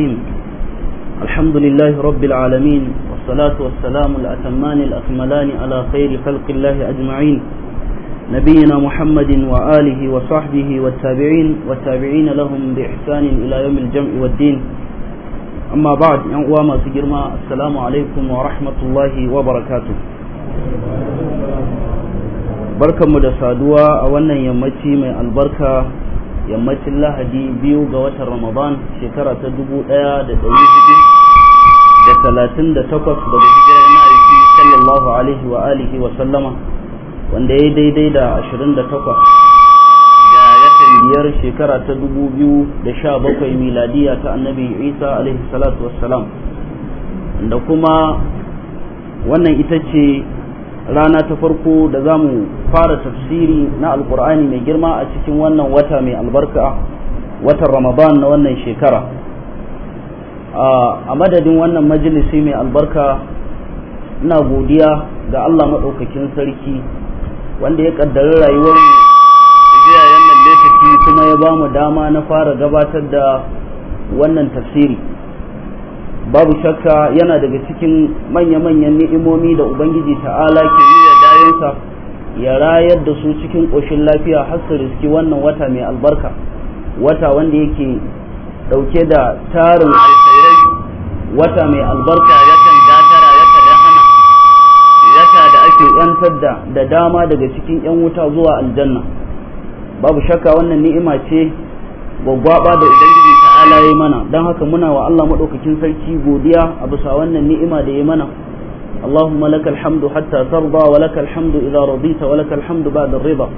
الرحيم الحمد لله رب العالمين والصلاة والسلام الأتمان الأكملان على خير خلق الله أجمعين نبينا محمد وآله وصحبه والتابعين والتابعين لهم بإحسان إلى يوم الجمع والدين أما بعد أعوام سجرما السلام عليكم ورحمة الله وبركاته بركة مدسادوة أولا يمتي من البركة yammacin lahadi biyu ga watan ramadan shekara ta dubu ɗaya da ɗari hudu da talatin da takwas daga hijirar ma'aiki sallallahu alaihi wa alihi wa sallama wanda ya yi daidai da ashirin da takwas ga watan biyar shekara ta dubu biyu da sha bakwai miladiya ta annabi isa alaihi salatu wassalam da kuma wannan ita ce rana ta farko da za mu fara tafsiri na alkur'ani mai girma a cikin wannan wata mai albarka watan ramadan na wannan shekara a madadin wannan majalisi mai albarka ina godiya ga allah maɗaukakin sarki wanda ya ƙaddari rayuwarmu zuwa wannan lokaci kuma ya ba mu dama na fara gabatar da wannan tafsiri babu shakka yana daga cikin manya-manyan ni'imomi da ubangiji ta'ala ke yi wa bayansa ya rayar da su cikin ƙoshin lafiya har su riski wannan wata mai albarka wata wanda yake ɗauke da tarin alkhairai wata mai albarka yakan datara yakan rahama yata da ake yantar da da dama daga cikin yan wuta zuwa aljanna babu shakka wannan ni'ima ce gwaggwaba da ubangiji ta'ala ya mana don haka muna wa Allah maɗaukakin sarki godiya a bisa wannan ni'ima da ya mana اللهم لك الحمد حتى ترضى ولك الحمد إذا رضيت ولك الحمد بعد الرضا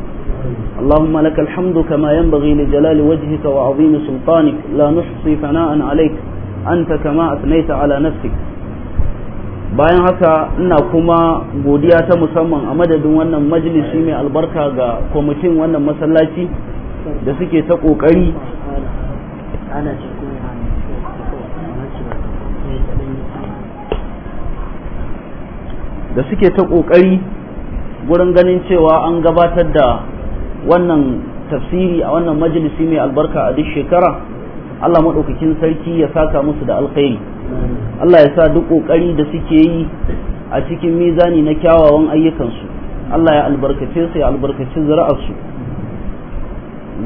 اللهم لك الحمد كما ينبغي لجلال وجهك وعظيم سلطانك لا نحصي ثناء عليك أنت كما أثنيت على نفسك bayan haka ina kuma godiya ta musamman a madadin wannan majalisi mai albarka ga kwamitin wannan masallaci da suke ta ƙoƙari da suke ta ƙoƙari wurin ganin cewa an gabatar da wannan tafsiri a wannan majalisi mai albarka a duk shekara Allah maɗaukakin sarki ya saka musu da alkhairi Allah ya sa duk ƙoƙari da suke yi a cikin mizani na kyawawan ayyukansu Allah ya albarkace su ya albarkaci su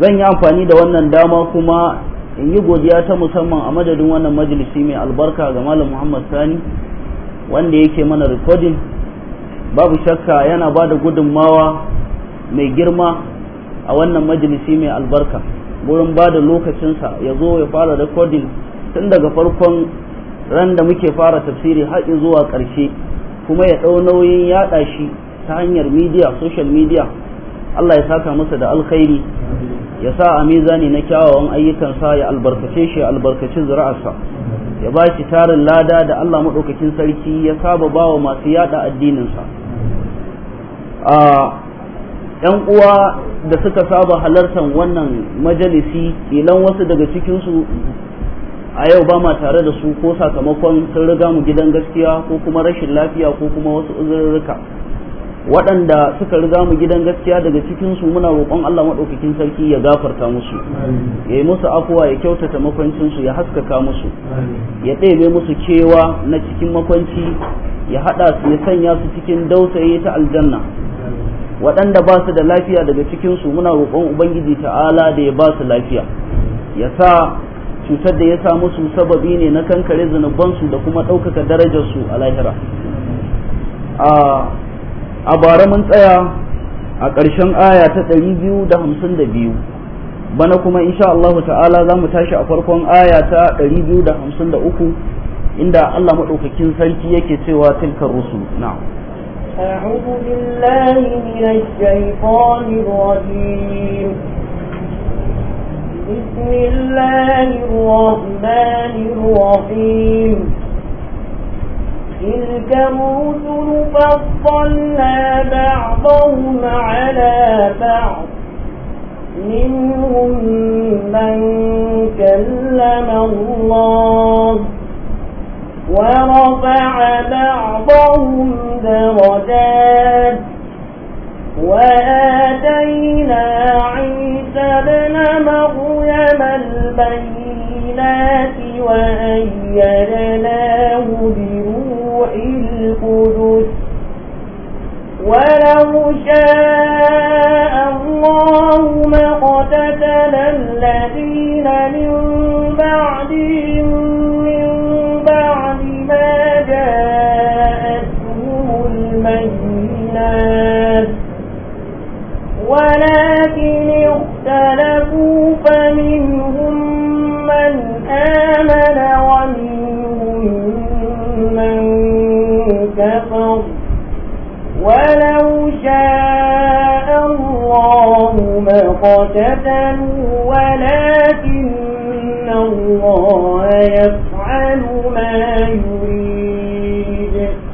zan yi amfani da wannan dama kuma in yi godiya ta musamman a madadin wannan majalisi mai albarka ga malam muhammad sani wanda yake mana rikodin babu shakka yana ba da gudunmawa mai girma a wannan majalisi mai albarka gurin ba da lokacinsa ya zo ya fara rikodin tun daga farkon ran da muke fara tafsiri har zuwa ƙarshe kuma ya ɗau nauyin yaɗa shi ta hanyar midiya social media Allah ya saka masa da alkhairi ya sa a mizani na kyawawan ayyukansa ya albarkace shi ya albarkacin zuri'arsa ya ba shi tarin lada da Allah maɗaukakin sarki ya saba ba wa masu yaɗa addininsa a ‘yan uwa da suka saba halartar wannan majalisi ilan wasu daga cikinsu a yau ba ma tare da su ko sakamakon sun riga mu gidan gaskiya ko kuma rashin lafiya ko kuma wasu uzurruka waɗanda suka riga mu gidan gaskiya daga cikin su muna roƙon Allah maɗaukakin sarki ya gafarta musu ya yi musu afuwa ya kyautata makwancin ya haskaka musu ya ɗebe musu cewa na cikin makwanci ya haɗa su ya sanya su cikin dausaye ta aljanna waɗanda ba su da lafiya daga cikin su muna roƙon ubangiji ta'ala da ya ba su lafiya ya sa cutar da ya sa musu sababi ne na kankare zunubansu da kuma ɗaukaka darajarsu a lahira a bara mun tsaya a ƙarshen aya ta ɗari biyu da hamsin da biyu bana kuma insha Allahu ta'ala za mu tashi a farkon aya ta ɗari biyu da hamsin da uku inda Allah maɗaukakin sarki yake cewa tilkar rusul na أعوذ بالله من الشيطان الرجيم بسم الله الرحمن الرحيم تلك الرسل فضلنا بعضهم على بعض منهم من كلم الله ورفع بعضهم درجات وآتينا عيسى بن مريم البينات وأيدناه بروح روح القدس ولو شاء الله ما قتتل الذين من بعدهم بغتة ولكن الله يفعل ما يريد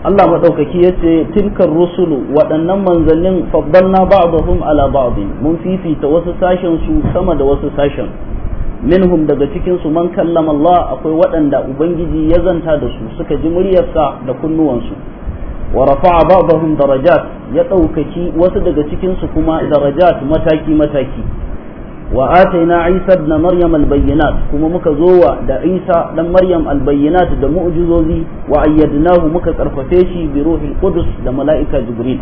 Allah maɗaukaki ya ce tilkar rusulu waɗannan manzannin fabbanna ba'dahum ala ba'din mun fifita wasu sashen su sama da wasu sashen minhum daga cikin su man kallama akwai waɗanda ubangiji ya zanta da su suka ji muryarsa da kunnuwansu wa rafa'a ba'dahum darajat ya ɗaukaki wasu daga cikin su kuma darajat mataki mataki wa ataina Isa ibn Maryam albayyana kuma muka zo wa da Isa dan Maryam al da mu'jizozi wa ayyadnahu muka karfafe shi bi ruhil qudus da mala'ika Jibril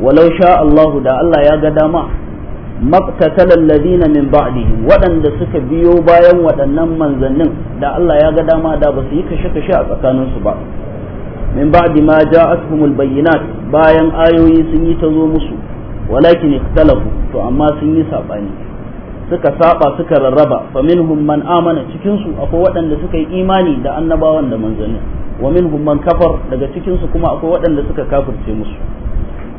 walau sha Allahu da Allah ya ga dama maqtatala alladhina min ba'dihim waɗanda suka biyo bayan waɗannan manzannin da Allah ya ga dama da basu yi kashe-kashe a tsakaninsu ba min ba'di ma ja'atuhumul bayyinat bayan ayoyi sun yi ta zo musu walakin ikhtalafu to amma sun yi sabani suka saba suka rarraba fa minhum man amana cikin akwai waɗanda suka yi imani da annabawan da manzanni wa minhum man kafar daga cikinsu kuma akwai waɗanda suka kafirce musu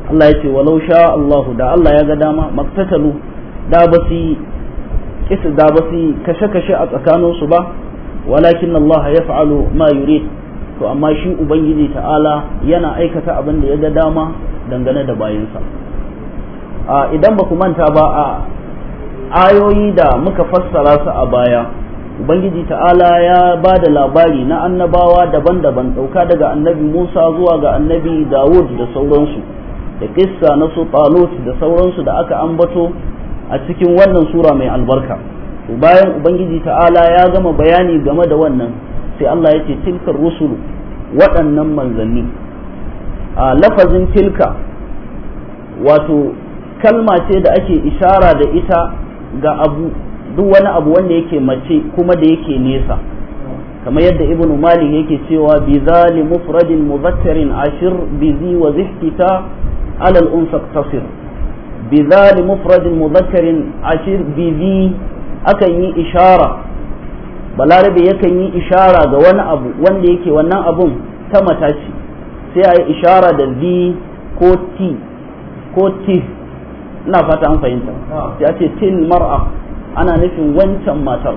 Allah ya ce walau sha Allahu da Allah ya ga dama maktatalu da ba su da ba kashe-kashe a tsakaninsu ba walakin Allah ya fa'alu ma to amma shi ubangiji ta'ala yana aikata abin da ya ga dama dangane da bayansa a idan ba ku manta ba a ayoyi da muka fassara su a baya ubangiji ta'ala ya ba da labari na annabawa daban-daban ɗauka daga annabi musa zuwa ga annabi dawud da sauransu da kissa na su da sauransu da aka ambato a cikin wannan sura mai albarka bayan ubangiji ta'ala ya gama bayani game da wannan sai Allah ya ce tilka rusulu waɗannan manzanni a lafazin tilka wato kalma ce da ake ishara da ita ga abu duk wani abu wanda yake mace kuma da yake nesa kamar yadda ibn malik yake cewa bi zali mufradin mudhakkarin ashir bi zi wa zihkita ala unsa tasir bi zali mufradin mudhakkarin ashir bi zi akan yi ishara balarabe yakan yi ishara ga wani abu wanda yake wannan abun ta mataci sai a yi ishara da v ko t ko t ina fata an fahimta sai a ce til mar'a ana nufin wancan matar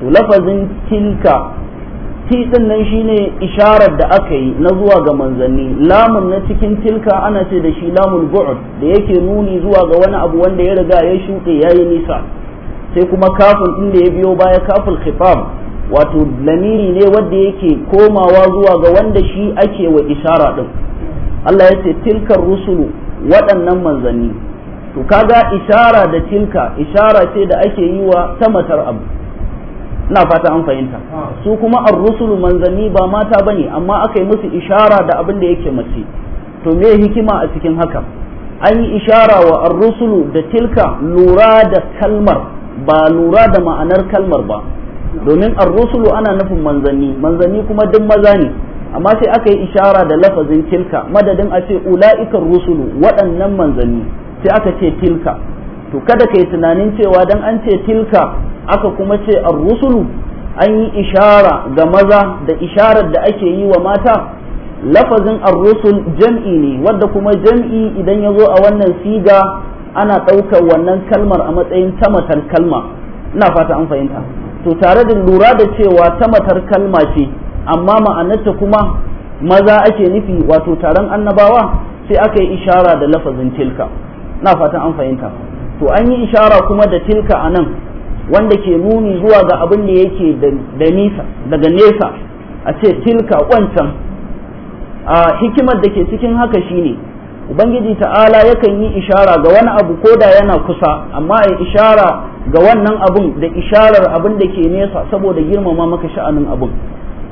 to lafazin tilka ti din nan shine isharar da aka yi na zuwa ga manzanni lamun na cikin tilka ana ce da shi lamun bu'd da yake nuni zuwa ga wani abu wanda ya riga ya shuɗe yayi nisa sai kuma kafin inda ya biyo baya kafin khifaf wato lamiri ne wanda yake komawa zuwa ga wanda shi ake wa ishara din Allah ya ce tilkar rusulu waɗannan manzanni to kaga ishara da tilka ishara ce da ake yi wa ta matar abu ina fata an fahimta su kuma ar-rusulu manzanni ba mata bane amma aka yi musu ishara da abin da yake mace to me hikima a cikin haka an yi ishara wa ar-rusulu da tilka lura da kalmar ba lura da ma'anar kalmar ba domin ar-rusulu ana nufin manzanni manzanni kuma duk maza ne amma sai aka yi ishara da lafazin tilka madadin a ce ula'ikar rusulu waɗannan manzanni sai aka ce tilka to kada ka tunanin cewa dan an ce tilka aka kuma ce ar-rusulu an yi ishara ga maza da isharar da ake yi wa mata lafazin ar-rusul jam'i ne wadda kuma jam'i idan ya zo a wannan siga ana ɗaukar wannan kalmar a matsayin tamatar kalma ina fata an fahimta to tare da lura da cewa tamatar kalma ce amma ma'anarta kuma maza ake nufi wato taron annabawa sai aka yi ishara da lafazin tilka ina fatan an fahimta to an yi ishara kuma da tilka a nan wanda ke nuni zuwa ga abin da yake da nisa daga nesa a ce tilka wancan a hikimar da ke cikin haka shine ubangiji ta'ala yakan yi ishara ga wani abu ko da yana kusa amma ya ishara ga wannan abun da isharar abin da ke nesa saboda girmama maka sha'anin abun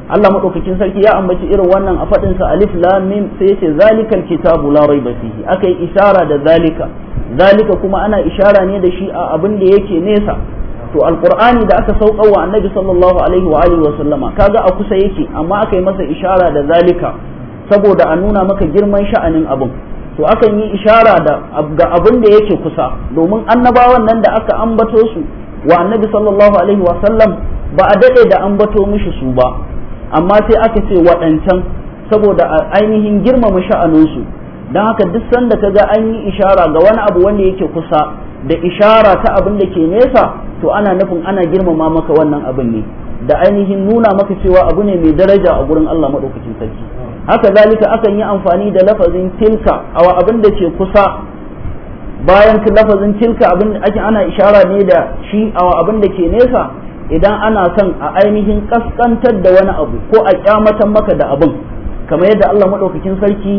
Allah madaukakin sarki ya ambaci irin wannan a fadin sa alif lam mim sai yace zalikal kitabu la rayba fihi akai ishara da zalika zalika kuma ana ishara ne da shi a abin da yake nesa to alqur'ani da aka sauka wa annabi sallallahu alaihi wa alihi wa kaga a kusa yake amma akai masa ishara da zalika saboda a nuna maka girman sha'anin abun to akan yi ishara da ga abin da yake kusa domin annabawan nan da aka ambato su wa annabi sallallahu alaihi wa sallam ba a daɗe da ambato mishi su ba amma sai aka ce waɗancan saboda ainihin girmama sha'aninsu don haka duk sanda ka ga an yi ishara ga wani abu wanda yake kusa da ishara ta abin da ke nesa to ana nufin ana girmama maka wannan abin ne da ainihin nuna maka cewa abu ne mai daraja a gurin Allah maɗaukacin sarki haka zalika akan yi amfani da lafazin tilka awa abin da ke kusa bayan lafazin tilka abin da ake ana ishara ne da shi a abin da ke nesa idan ana son a ainihin kaskantar da wani abu ko a kyamatan maka da abin kamar yadda Allah madaukakin sarki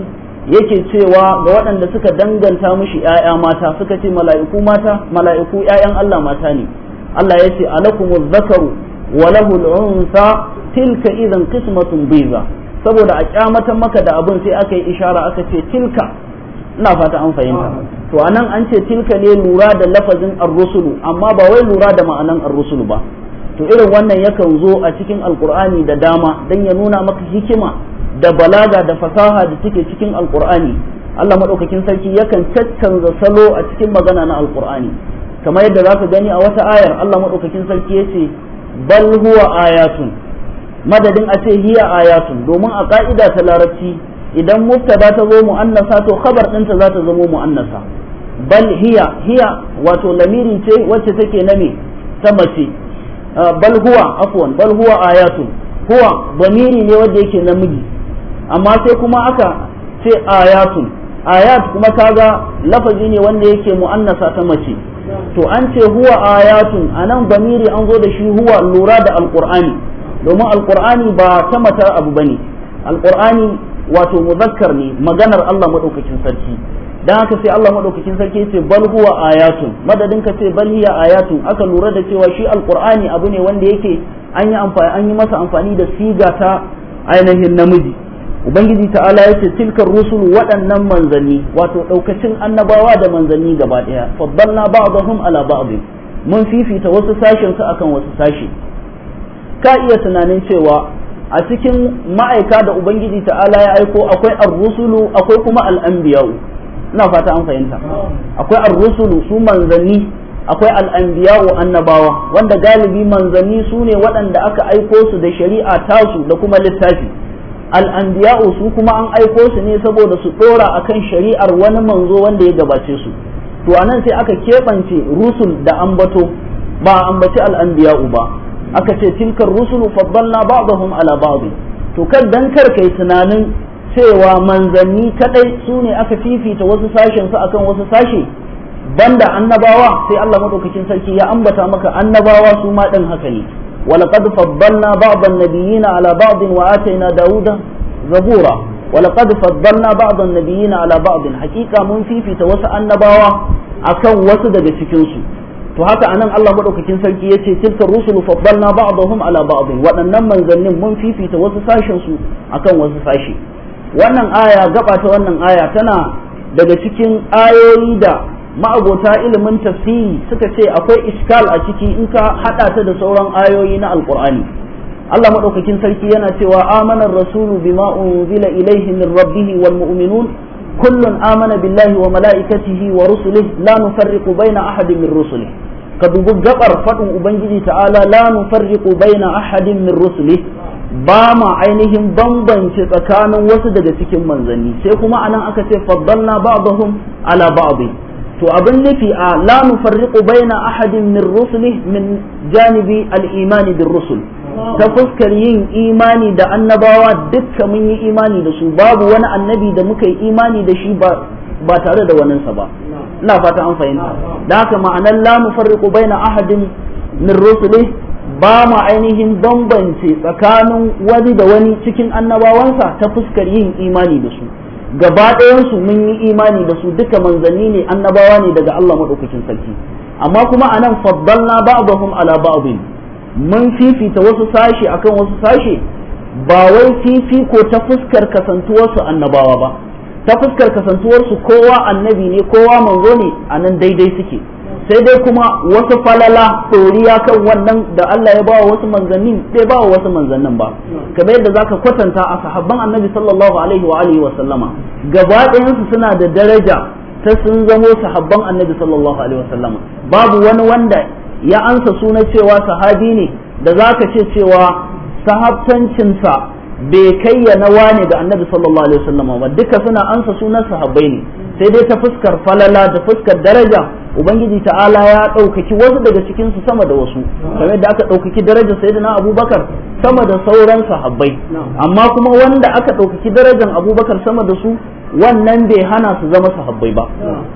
yake cewa ga waɗanda suka danganta mushi ‘ya'ya mata suka ce mala'iku mata mala'iku ‘ya'yan Allah mata ne Allah ya ce alakumuz zakaru wa lahul unsa tilka idan qismatun biza saboda a kyamatan maka da abin sai aka yi ishara aka ce tilka ina fata an fahimta to anan an ce tilka ne lura da lafazin ar-rusulu amma ba wai lura da ma'anan ar-rusulu ba to irin wannan yakan zo a cikin alkur'ani da dama dan ya nuna maka hikima da balaga da fasaha da take cikin alkur'ani Allah madaukakin sarki yakan caccanza salo a cikin magana na alkur'ani kamar yadda zaka gani a wata ayar Allah madaukakin sarki yace bal huwa ayatun madadin a ce hiya ayatun domin a ka'ida ta larabci idan mubtada ta zo mu'annasa to khabar ɗinta za ta zama mu'annasa bal hiya hiya wato lamiri ce wacce take na ta mace ah, bal huwa afwan bal huwa ayatun huwa bamiri ne wanda yake namiji amma sai kuma aka ce ayatun ayat kuma kaga lafazi ne wanda yake mu'annasa ta mace to an ce huwa ayatun anan bamiri an zo da shi huwa lura da alqur'ani domin alqur'ani ba ta matar abu bane alqur'ani wato muzakkar ne maganar Allah madaukakin sarki dan haka sai Allah maɗaukacin sarki ce bal huwa ayatun madadin ka ce bal hiya ayatun aka lura da cewa shi alqur'ani abu ne wanda yake an yi amfani an yi masa amfani da siga ta ainihin namiji ubangiji ta'ala ya ce tilkar rusul waɗannan manzanni wato ɗaukacin annabawa da manzanni gaba ɗaya faddalna ba'dahum ala ba'd mun fifita wasu sashen su akan wasu sashi ka iya tunanin cewa a cikin ma'aika da ubangiji ta'ala ya aiko akwai ar-rusulu akwai kuma al ina fata an fahimta akwai ar-rusulu su manzanni akwai al'ambiya'u annabawa wanda galibi manzanni su ne waɗanda aka aiko su da shari'a tasu da kuma littafi al'anbiya'u su kuma an aiko su ne saboda su ɗora a kan shari'ar wani manzo wanda ya gabace su to anan sai aka keɓance rusul da ambato ba a ambaci al'anbiya'u ba aka ce tilkar rusulu faddalna ba'dahum ala ba'd to kan dan kar kai tunanin cewa manzanni kadai su ne aka fifita wasu sashen su akan wasu sashe banda annabawa sai Allah madaukakin sarki ya ambata maka annabawa su ma din haka ne ولقد فضلنا بعض النبيين على بعض وآتينا داود زبورا ولقد فضلنا بعض النبيين على بعض mun fifita wasu annabawa? توسع النباوة أكون وسد بسكنسو to haka anan Allah madaukakin sarki yace tilka rusulu faddalna ba'dahum ala ba'd waɗannan manzannin mun fifita wasu sashen su akan wasu sashi wannan aya gaba ta wannan aya tana daga cikin ayoyi da ma'abota ilimin tafsiri suka ce akwai iskal a ciki in ka hada ta da sauran ayoyi na alqur'ani Allah madaukakin sarki yana cewa amanar rasulu bima unzila ilayhi min rabbih wal mu'minun كل آمن بالله وملائكته ورسله لا نفرق بين أحد من رسله كدوب جبر فتن أبنجي تعالى لا نفرق بين أحد من رسله باما عينهم بمبن تتكان وسد جسكم منزني سيكما أنا أكتب فضلنا بعضهم على بعض to abin nufi a la nufarriqu baina ahadin min rusulih min janibi al-imani bir rusul ta fuskar yin imani da annabawa dukka mun yi imani da su babu wani annabi da muka yi imani da shi ba tare da waninsa ba ina fata an fahimta da haka ma'anar la farriku baina ahadin min rusuli ba ma ainihin bambance tsakanin wani da wani cikin annabawansa ta fuskar yin imani da su gaba su mun yi imani da su duka manzanni ne annabawa ne daga Allah maɗaukakin sarki amma kuma anan faddalna ba'dahum ala ba'dhin mun fifita wasu sashi akan wasu sashi ba wai ko ta fuskar kasantuwarsu annabawa ba ta fuskar kasantuwarsu kowa annabi ne kowa manzo ne a nan daidai suke sai dai kuma wasu falala ɗoriya kan wannan da Allah ya bawa wasu manzannin bai bawa wasu manzannin ba kamar yadda zaka kwatanta a sahabban annabi sallallahu alaihi wa alihi wa sallama gaba ɗayansu suna da daraja ta sun zamo sahabban annabi sallallahu alaihi wa babu wani wanda ya ansa suna cewa sahabi ne da za ka ce cewa sahabtancinsa bai kai ya nawa ne ga annabi sallallahu alaihi wasallam ba duka suna ansa sunan sahabbai ne sai dai ta fuskar falala da fuskar daraja ubangiji ta'ala ya ɗaukaki wasu daga cikin su sama da wasu kamar da aka ɗaukaki darajar sayyidina abubakar sama da sauran sahabbai amma kuma wanda aka ɗaukaki darajar abubakar sama da su wannan bai hana su zama sahabbai ba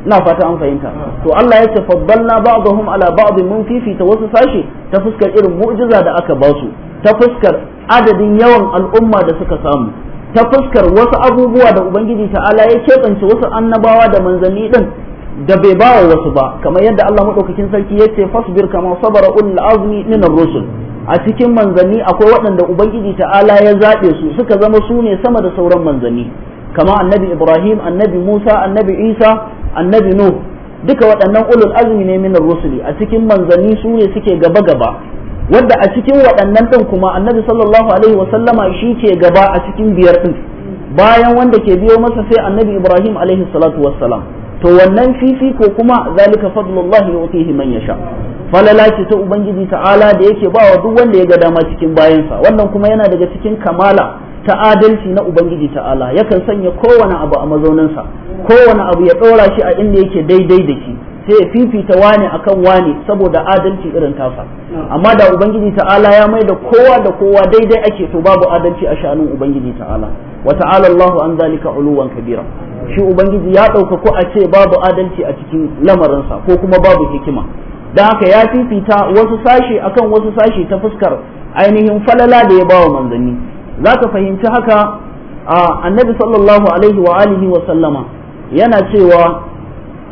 ina fata an fahimta to Allah ya ce faddalna ba'dahum ala ba'd mun fifita wasu sashi ta fuskar irin mu'jiza da aka ba su ta fuskar adadin yawan al'umma da suka samu ta fuskar wasu abubuwa da ubangiji ta'ala ya keɓance wasu annabawa da manzanni din da bai bawa wasu ba kamar yadda Allah madaukakin sarki ya ce fasbir kama sabara ulul azmi min ar-rusul a cikin manzanni akwai waɗanda ubangiji ta'ala ya zabe su suka zama su ne sama da sauran manzanni kama annabi Ibrahim annabi Musa annabi Isa annabi Nuh duka waɗannan ulul azmi ne min ar-rusuli a cikin manzanni su ne suke gaba gaba wanda a cikin waɗannan ɗin kuma annabi sallallahu alaihi wa sallama shi ke gaba a cikin biyar ɗin bayan wanda ke biyo masa sai annabi Ibrahim alaihi salatu wassalam to wannan fifiko kuma zalika fadlullah yu'tihi man yasha sha. Falalace ta ubangiji ta'ala da yake ba wa duk wanda ya ga dama cikin bayansa wannan kuma yana daga cikin kamala ta adalci na ubangiji ta'ala yakan sanya kowane abu a mazauninsa kowane abu ya ɗora shi a inda yake daidai da shi sai ya fifita wani akan wani saboda adalci irin tasa amma da ubangiji ta'ala ya mai da kowa da kowa daidai ake to babu adalci a shanun ubangiji ta'ala wa ta'ala Allahu an zalika uluwan kabira shi ubangiji ya ɗauka ko a ce babu adalci a cikin lamarinsa ko kuma babu hikima da haka ya fifita wasu sashi akan wasu sashi ta fuskar ainihin falala da ya bawa manzanni zaka fahimci haka annabi sallallahu alaihi wa alihi wa sallama yana cewa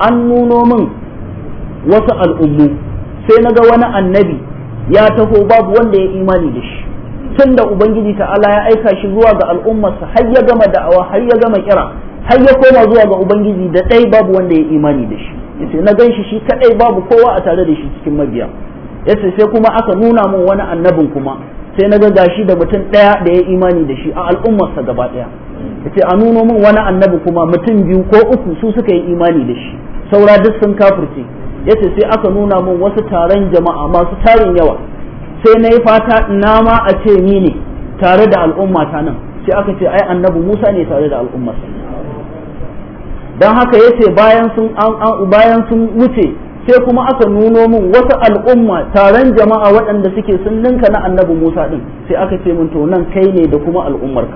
an nuno min wasu al'ummu sai na ga wani annabi ya taho babu wanda ya imani da shi tun da ubangiji ta'ala ya aika shi zuwa ga al'ummarsa har ya gama da'awa har ya gama kira har ya koma zuwa ga ubangiji da ɗai babu wanda ya imani da shi yace na gan shi shi kadai babu kowa a tare da shi cikin mabiya yace sai kuma aka nuna min wani annabin kuma sai na ga gashi da mutum ɗaya da ya imani da shi a al'ummarsa gaba ɗaya yace a nuno min wani annabi kuma mutum biyu ko uku su suka yi imani da shi saura duk sun kafirce yace sai aka nuna mun wasu taron jama'a masu tarin yawa sai na yi fata na ma a ce ni ne tare da al'umma ta nan sai aka ce ai annabi Musa ne tare da al'umma don haka yace bayan bayan sun wuce sai kuma aka nuno min wasu al'umma taron jama'a waɗanda suke sun ninka na annabi Musa ɗin sai aka ce min to nan kai ne da kuma al'ummarka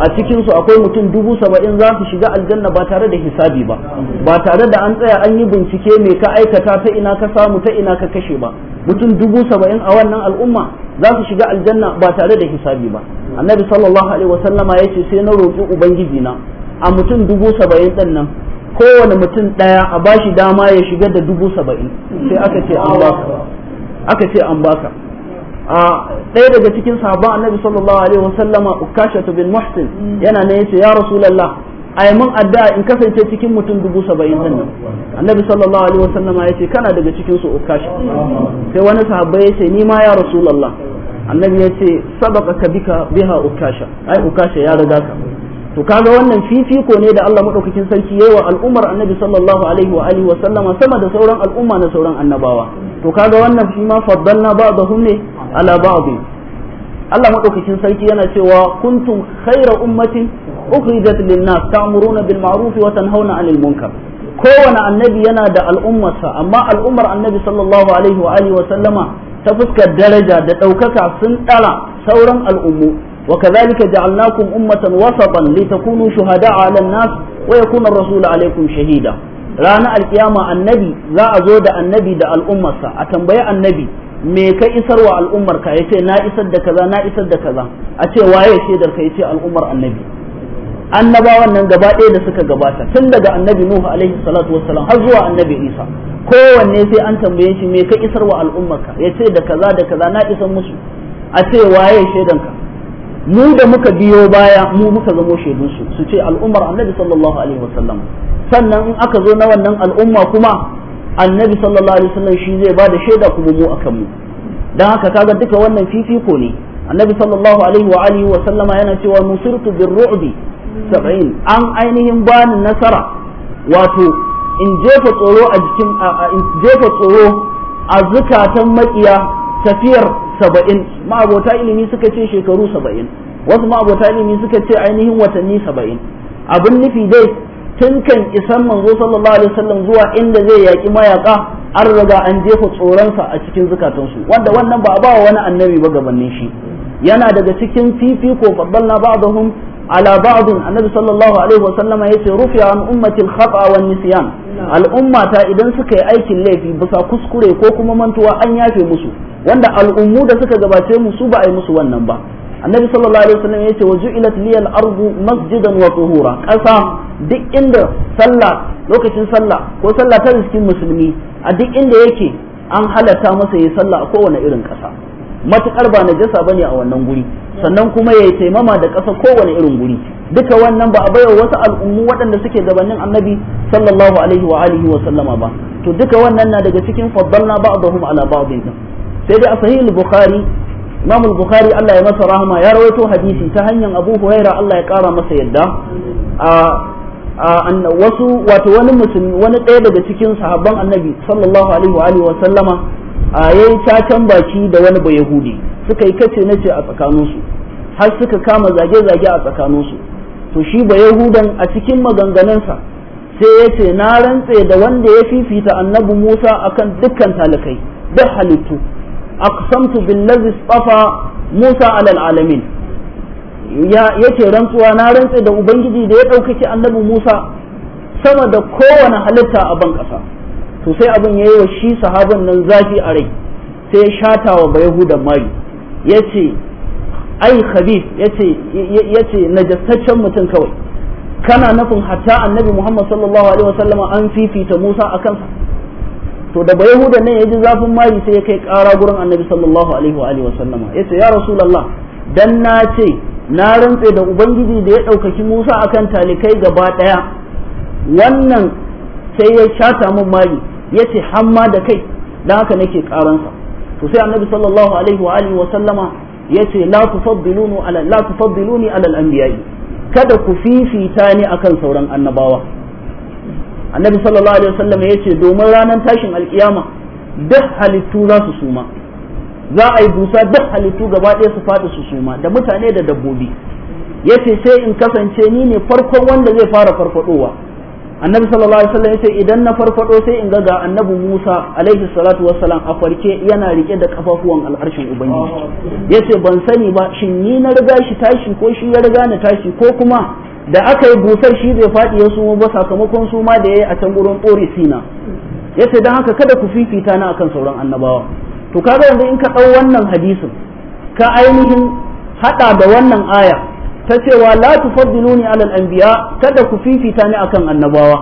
a cikin su akwai mutum dubu saba'in za su shiga aljanna ba tare da hisabi ba ba tare da an tsaya an yi bincike me ka aikata ta ina ka samu ta ina ka kashe ba mutum dubu saba'in a wannan al'umma za su shiga aljanna ba tare da hisabi ba annabi sallallahu alaihi wasallama ya ce sai na roƙi ubangiji na a mutum dubu saba'in ɗin nan kowane mutum ɗaya a bashi dama ya shiga da dubu saba'in sai aka ce an baka aka ce an baka a ɗaya daga cikin sahabban annabi sallallahu alaihi wa sallama ukasha bin muhsin yana ne yace ya rasulullah ai mun addu'a in kasance cikin mutum dubu saba'in din nan annabi sallallahu alaihi wa wasallama yace kana daga cikin su ukasha sai wani sahabba yace ni ma ya rasulullah annabi yace sabaka bika biha ukasha ai ukasha ya riga ka to kaga wannan fifiko ne da Allah madaukakin sarki yayi wa al'ummar Annabi sallallahu alaihi wa alihi wa sallama sama da sauran al'umma na sauran annabawa to kaga wannan shi ma faddalna ba'dahum ne ala ba'd Allah madaukakin sarki yana cewa kuntum khayra ummatin ukhrijat lin-nas ta'muruna bil ma'ruf wa tanhauna 'anil munkar kowane annabi yana da al'ummarsa amma al'ummar annabi sallallahu alaihi wa alihi wa sallama ta fuskar daraja da ɗaukaka sun ɗara sauran al'ummu وكذلك جعلناكم أمة وسطا لتكونوا شهداء على الناس ويكون الرسول عليكم شهيدا رانا القيامة النبي لا أزود النبي دا الأمة أتنبيا النبي me ka wa al'ummar ka yace na isar da kaza na isar da kaza a ce waye shaidar ka yace al'ummar annabi annabawan nan gaba ɗaya da suka gabata tun daga annabi nuhu alaihi salatu wassalam har zuwa annabi isa kowanne sai an tambaye shi me ka wa al'ummar ka yace da kaza da kaza na isar musu a ce waye shaidan ka mu da muka biyo baya mu muka zamo shaidun su ce al'ummar annabi sallallahu alaihi wasallam sannan in aka zo na wannan al'umma kuma annabi sallallahu alaihi wasallam shi zai ba da shaida kuma mu akan mu dan haka kaga duka wannan fifiko ne annabi sallallahu alaihi wa alihi wa yana cewa nusirtu birru'bi 70 an ainihin bani nasara wato in jefa tsoro a jikin in jefa tsoro a zukatan makiya tafiyar saba'in ma'abota ilimi suka ce shekaru saba'in wasu ma'abota ilimi suka ce ainihin watanni saba'in abin nufi dai tun kan isan manzo sallallahu alaihi wasallam zuwa inda zai yaƙi mayaƙa an riga an jefa tsoronsa a cikin zukatansu wanda wannan ba a ba wani annabi ba gabanin shi yana daga cikin fifiko faddalna ba'dahum ala ba'd annabi sallallahu alaihi wasallam yace rufiya an ummati al-khata wan nisyan al'umma ta idan suka yi aikin laifi bisa kuskure ko kuma mantuwa an yafe musu wanda al'ummu da suka gabace mu su ba a yi musu wannan ba annabi sallallahu alaihi wasallam yace wa ju'ilat li al-ardu masjidan wa tuhura kasa duk inda sallah lokacin sallah ko sallah ta cikin musulmi a duk inda yake an halatta masa yi sallah a kowane irin ƙasa. matukar ba najasa bane a wannan guri sannan kuma ya taimama da ƙasa kowane irin guri duka wannan ba a baiwa wasu al'ummu waɗanda suke gabanin annabi sallallahu alaihi wa alihi wa sallama ba to duka wannan na daga cikin faddalna ba'dahum ala ba'din sai dai a sahih al-bukhari Imam al-Bukhari Allah ya masa rahama ya rawaito hadisi ta hanyar Abu Huraira Allah ya kara masa yadda a wasu wato wani musulmi wani ɗaya daga cikin sahabban Annabi sallallahu alaihi wa alihi wa sallama a ta can baki da wani bayahudi yahudi suka yi kace na nace a tsakaninsu har suka kama zage-zage a tsakaninsu to shi ba yahudan a cikin maganganunsa sai ya ce na rantse da wanda ya fifita annabi musa akan dukkan talakai duk halittu aqsamtu billazi safa musa alal alamin ya yake rantsuwa na rantse da ubangiji da ya ɗaukaki annabi musa sama da kowane halitta a ban ƙasa to sai abin ya yi wa shi sahabin nan zafi a rai sai ya shata wa bayahudan mari ya ce ai khabib ya ce najastaccen mutum kawai kana nufin hatta annabi muhammad sallallahu alaihi wasallam an fifita musa a kansa to da bayahudan nan ya ji zafin mari sai ya kai kara gurin annabi sallallahu alaihi wa wasallam ya ce ya rasulullah dan na ce na rantse da ubangiji da ya daukaki musa akan talikai gaba ɗaya wannan sai ya shata min mali. yace hamma da kai don haka nake karansa to sai annabi sallallahu alaihi wa alihi wa sallama yace la tufaddiluni ala la tufaddiluni ala al-anbiya kada ku fifita ni akan sauran annabawa annabi sallallahu alaihi ya ce domin ranar tashin alkiyama duk halittu za su suma za a yi busa duk halittu gaba ɗaya su faɗi su suma da mutane da dabbobi ya ce sai in kasance ni ne farkon wanda zai fara farfadowa annabi sallallahu alaihi wasallam yace idan na farfado sai in ga ga annabi Musa alaihi salatu wassalam a farke yana rike da kafafuwan al'arshin ubangiji yace ban sani ba shin ni na riga shi tashi ko shi ya riga na tashi ko kuma da aka yi busar shi bai faɗi ya sumo ba sakamakon suma da yayi a can gurin tsori sina yace dan haka kada ku fifita na akan sauran annabawa to kaga yanzu in ka dau wannan hadisin ka ainihin hada da wannan aya ta cewa la tufaddiluni alal anbiya kada ku fifita ni akan annabawa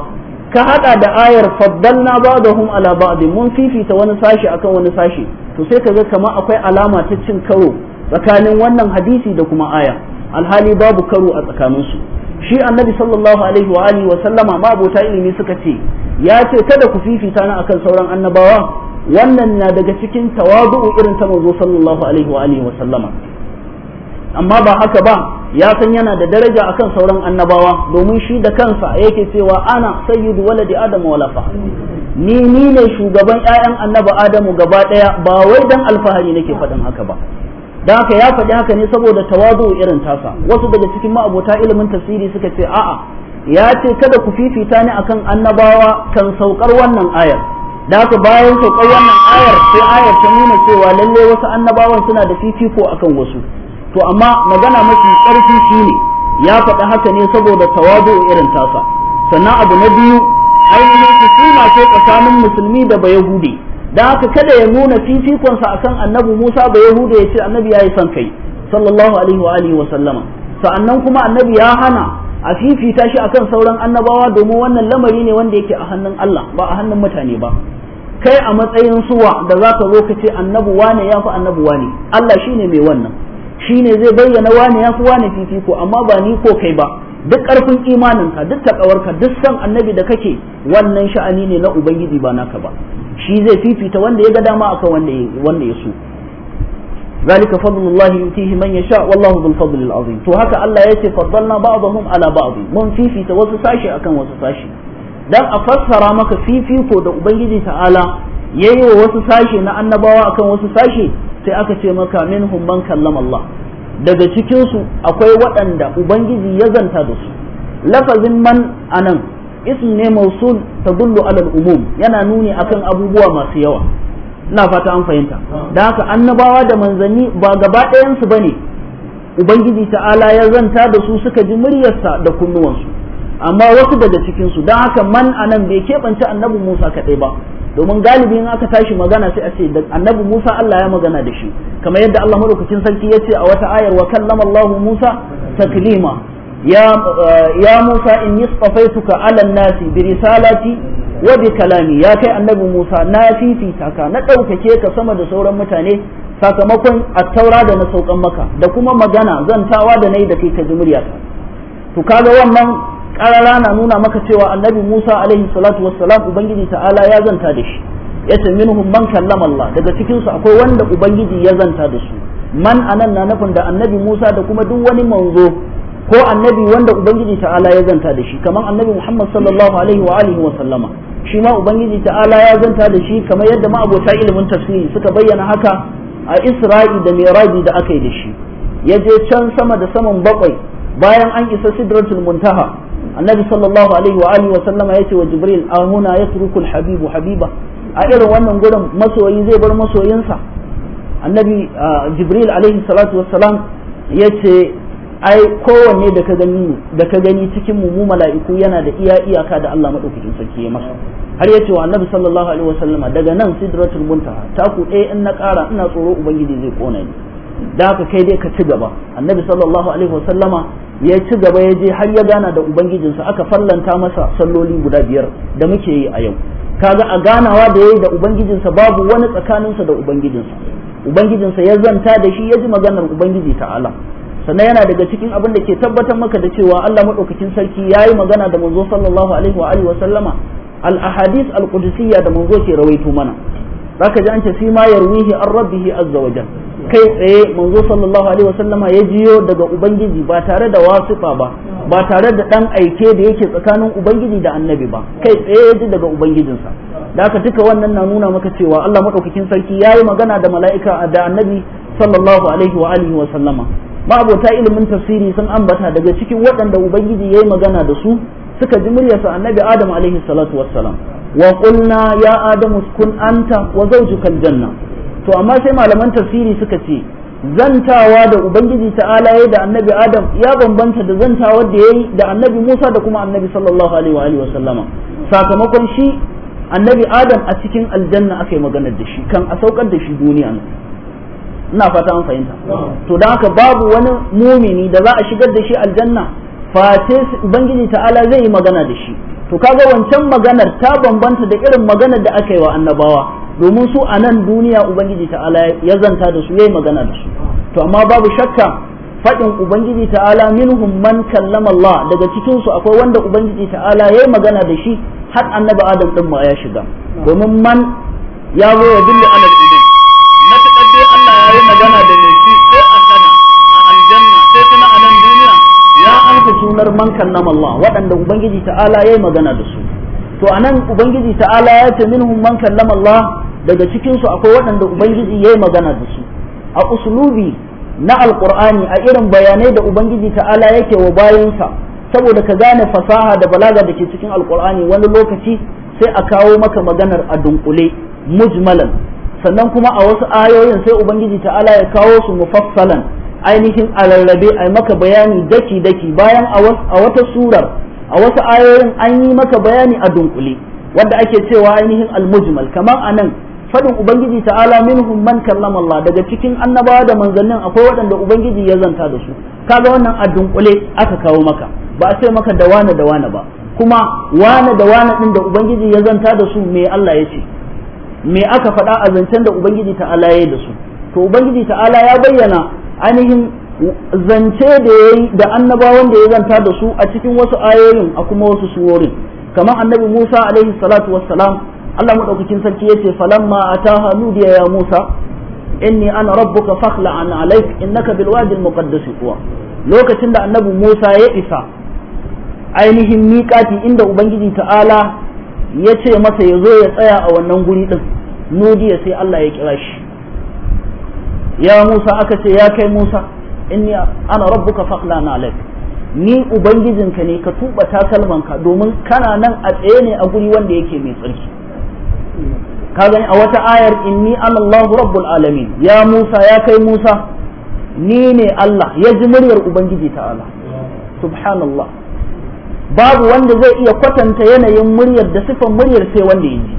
ka hada da ayar faddalna ba'dahum ala ba'd mun fifita wani sashi akan wani sashi to sai kaga kamar akwai alama ta cin karo tsakanin wannan hadisi da kuma aya alhali babu karo a tsakanin su shi annabi sallallahu alaihi wa alihi wa sallama ma abota ilimi suka ce ya ce kada ku fifita ni akan sauran annabawa wannan na daga cikin tawadu'u irin ta manzo sallallahu alaihi wa alihi wa sallama amma ba haka ba ya san yana da daraja akan sauran annabawa domin shi da kansa yake cewa ana sayyidu waladi adamu wala fa ni ni ne shugaban ƴaƴan annabi adamu gaba ɗaya ba wai dan alfahari nake faɗin haka ba da haka ya faɗi haka ne saboda tawadu irin tasa wasu daga cikin ma'abota ilimin tafsiri suka ce a'a ya ce kada ku fifita ni akan annabawa kan saukar wannan ayar da haka bayan saukar wannan ayar sai ayar ta nuna cewa lalle wasu annabawan suna da fifiko akan wasu to amma magana mafi ƙarfi shine ya faɗi haka ne saboda tawadu irin tasa sannan abu na biyu ainihin hukuma ce tsakanin musulmi da Bayahudi. da haka kada ya nuna fifikonsa akan annabi Musa bayahude ya ce annabi ya yi son kai sallallahu alaihi wa alihi wa sallama sa'annan kuma annabi ya hana a fifita shi akan sauran annabawa domin wannan lamari ne wanda yake a hannun Allah ba a hannun mutane ba kai a matsayin suwa da za ka zo ka ce annabi ne ya fi annabi ne, Allah ne mai wannan shi ne zai bayyana wane ya fi wane fifiko amma ba ni ko kai ba duk ƙarfin imaninka duk taƙawarka duk san annabi da kake wannan sha'ani ne na ubangiji ba naka ba shi zai fifita wanda ya ga dama akan wanda wanda ya so zalika fadlullahi yutihi man yasha wallahu dhul fadli azim to haka Allah yace faddalna ba'dahum ala ba'd mun fifita wasu sashi akan wasu sashi dan a fassara maka fifiko da ubangiji ta'ala yayi wa wasu sashe na annabawa akan wasu sashe sai aka ce maka min man kallama Allah daga cikinsu akwai waɗanda ubangiji ya zanta da su lafazin man anan ism ne mausul tadullu alal umum yana nuni akan abubuwa masu yawa ina fata an fahimta da haka annabawa da manzanni ba gaba ɗayansu bane ubangiji ta'ala ya zanta da su suka ji muryarsa da kunnuwansu amma wasu daga cikinsu su don haka man anan bai keɓance annabi Musa kaɗai ba domin galibi in aka tashi magana sai a ce annabi Musa Allah ya magana da shi kamar yadda Allah madaukakin sarki ya ce a wata ayar wa kallama Allah Musa taklima ya uh, ya Musa in yastafaituka ala nasi bi risalati wa bi kalami ya kai annabi Musa na fifita ka na daukake ka sama da sauran mutane sakamakon attaura da na saukan maka da kuma magana zantawa da nayi da kai ka ji to kaga wannan karara na nuna maka cewa annabi Musa alaihi salatu wassalam ubangiji ta'ala ya zanta da shi yace minhum man kallama Allah daga cikin su akwai wanda ubangiji ya zanta da su man anan na nufin da annabi Musa da kuma duk wani manzo ko annabi wanda ubangiji ta'ala ya zanta da shi kamar annabi Muhammad sallallahu alaihi wa alihi wa sallama shi ma ubangiji ta'ala ya zanta da shi kamar yadda ma'abota ilimin tafsiri suka bayyana haka a Isra'i da Miraji da aka yi da shi ya je can sama da saman bakwai bayan an isa sidratul muntaha annabi sallallahu alaihi wa alihi wa sallama yace wa jibril a huna yatruku alhabibu habiba a irin wannan gurin masoyi zai bar masoyinsa annabi jibril alaihi salatu wa salam yace ai kowanne da ka gani da ka gani cikin mu mu mala'iku yana da iya iyaka da Allah madaukakin sarki ya masa har ya ce wa annabi sallallahu alaihi wa wasallama daga nan sidratul muntaha ta ku ɗaya in na ƙara ina tsoro ubangiji zai kona ni da haka kai dai ka ci gaba annabi sallallahu alaihi wasallama ya ci gaba ya je har ya gana da ubangijinsa aka fallanta masa salloli guda biyar da muke yi a yau kaga a ganawa da yayi da ubangijinsa babu wani tsakaninsa da ubangijinsa ubangijinsa ya zanta da shi ya ji maganar ubangiji ta'ala sannan yana daga cikin abin da ke tabbatar maka da cewa Allah madaukakin sarki yayi magana da manzo sallallahu alaihi wa alihi wasallama al ahadith al qudusiyya da manzo ke rawaito mana zaka ji an ce fi ma yarwihi an rabbihi azza wa jal kai tsaye manzo sallallahu alaihi wasallama ya jiyo daga ubangiji ba tare da wasifa ba ba tare da dan aike da yake tsakanin ubangiji da annabi ba kai tsaye ya ji daga ubangijinsa da aka duka wannan na nuna maka cewa Allah madaukakin sarki yayi magana da mala'ika da annabi sallallahu alaihi wa alihi wa sallama ma'abota ilimin tafsiri sun ambata daga cikin waɗanda ubangiji yi magana da su suka ji muryarsa annabi adam alaihi salatu wassalam wa ya adamu kun anta wa to amma sai malaman tafsiri suka ce zantawa da ubangiji ta'ala yayi da annabi adam ya bambanta da zantawar da yayi da annabi Musa da kuma annabi sallallahu alaihi wa sallama sakamakon shi annabi adam a cikin aljanna aka yi magana da shi kan a saukar da shi duniya ina fata an fahimta to da haka babu wani mumini da za a shigar da shi aljanna face ubangiji ta'ala zai yi magana da shi to kaga wancan maganar ta bambanta da irin maganar da aka yi wa annabawa domin su a nan duniya ubangiji ta'ala ya zanta da su yi magana da su to amma babu shakka faɗin ubangiji ta'ala minhum man kallama Allah daga cikin su akwai wanda ubangiji ta'ala yayi magana da shi har annabi Adam din ma ya shiga domin man ya zo ya dilli alal ibn na dai Allah yi magana da ni amsa sunar man Allah waɗanda ubangiji ta'ala yayi magana da su to anan ubangiji ta'ala ya ce minhum man kallama Allah daga cikin su akwai waɗanda ubangiji ya yi magana da su a uslubi na alqur'ani a irin bayanai da ubangiji ta'ala yake wa bayansa saboda ka gane fasaha da balaga da ke cikin alqur'ani wani lokaci sai a kawo maka maganar a dunkule mujmalan sannan kuma a wasu ayoyin sai ubangiji ta'ala ya kawo su mufassalan ainihin a a maka bayani daki daki bayan a wata surar a wasu ayoyin an yi maka bayani a dunkule wanda ake cewa ainihin almujmal kamar anan fadin ubangiji ta'ala minhum man kallama Allah daga cikin annabawa da manzannin akwai waɗanda ubangiji ya zanta da su kaga wannan a dunkule aka kawo maka ba a ce maka da wane da wane ba kuma wane da wane din da ubangiji ya zanta da su me Allah ya ce me aka faɗa a zancen da ubangiji ta'ala ya da su to ubangiji ta'ala ya bayyana ainihin zance da ya yi da annabawan da ya zanta da su a cikin wasu ayoyin a kuma wasu surorin kamar annabi Musa alaihi salatu wassalam Allah madaukakin sarki yace falamma ataha nudiya ya Musa inni ana rabbuka fakhla an alaik innaka bil wadi al muqaddas tuwa lokacin da annabi Musa ya isa ainihin miƙati inda ubangiji ta'ala ya ce masa ya zo ya tsaya a wannan guri din nudiya sai Allah ya kira shi ya Musa aka ce ya kai Musa inni ana rabbuka na alaik ni ubangijinka ne ka tuba ka domin kana nan a tsaye ne a guri wanda yake mai tsarki ka gani a wata ayar inni ana Allah rabbul alamin ya Musa ya kai Musa ni ne Allah ya ji muryar ubangiji Allah subhanallah babu wanda zai iya kwatanta yanayin muryar da sifan muryar sai wanda ya ji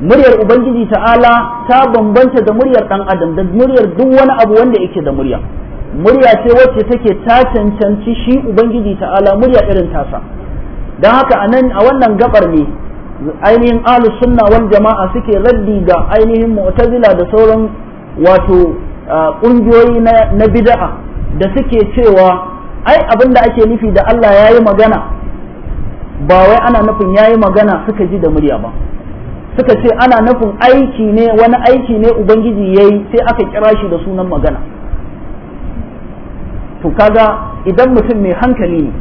muryar ubangiji ta'ala ta bambanta da muryar dan adam da muryar duk wani abu wanda yake da murya murya ce wacce take ta cancanci shi ubangiji ta'ala murya irin tasa don haka a nan a wannan gabar ne ainihin alu sunna wal jama'a suke raddi ga ainihin mu'tazila da sauran wato ƙungiyoyi na bid'a da suke cewa ai abin da ake nufi da Allah yayi magana ba wai ana nufin yayi magana suka ji da murya ba suka ce ana nufin aiki ne wani aiki ne ubangiji yayi sai aka kira shi da sunan magana to kaga idan mutum mai hankali ne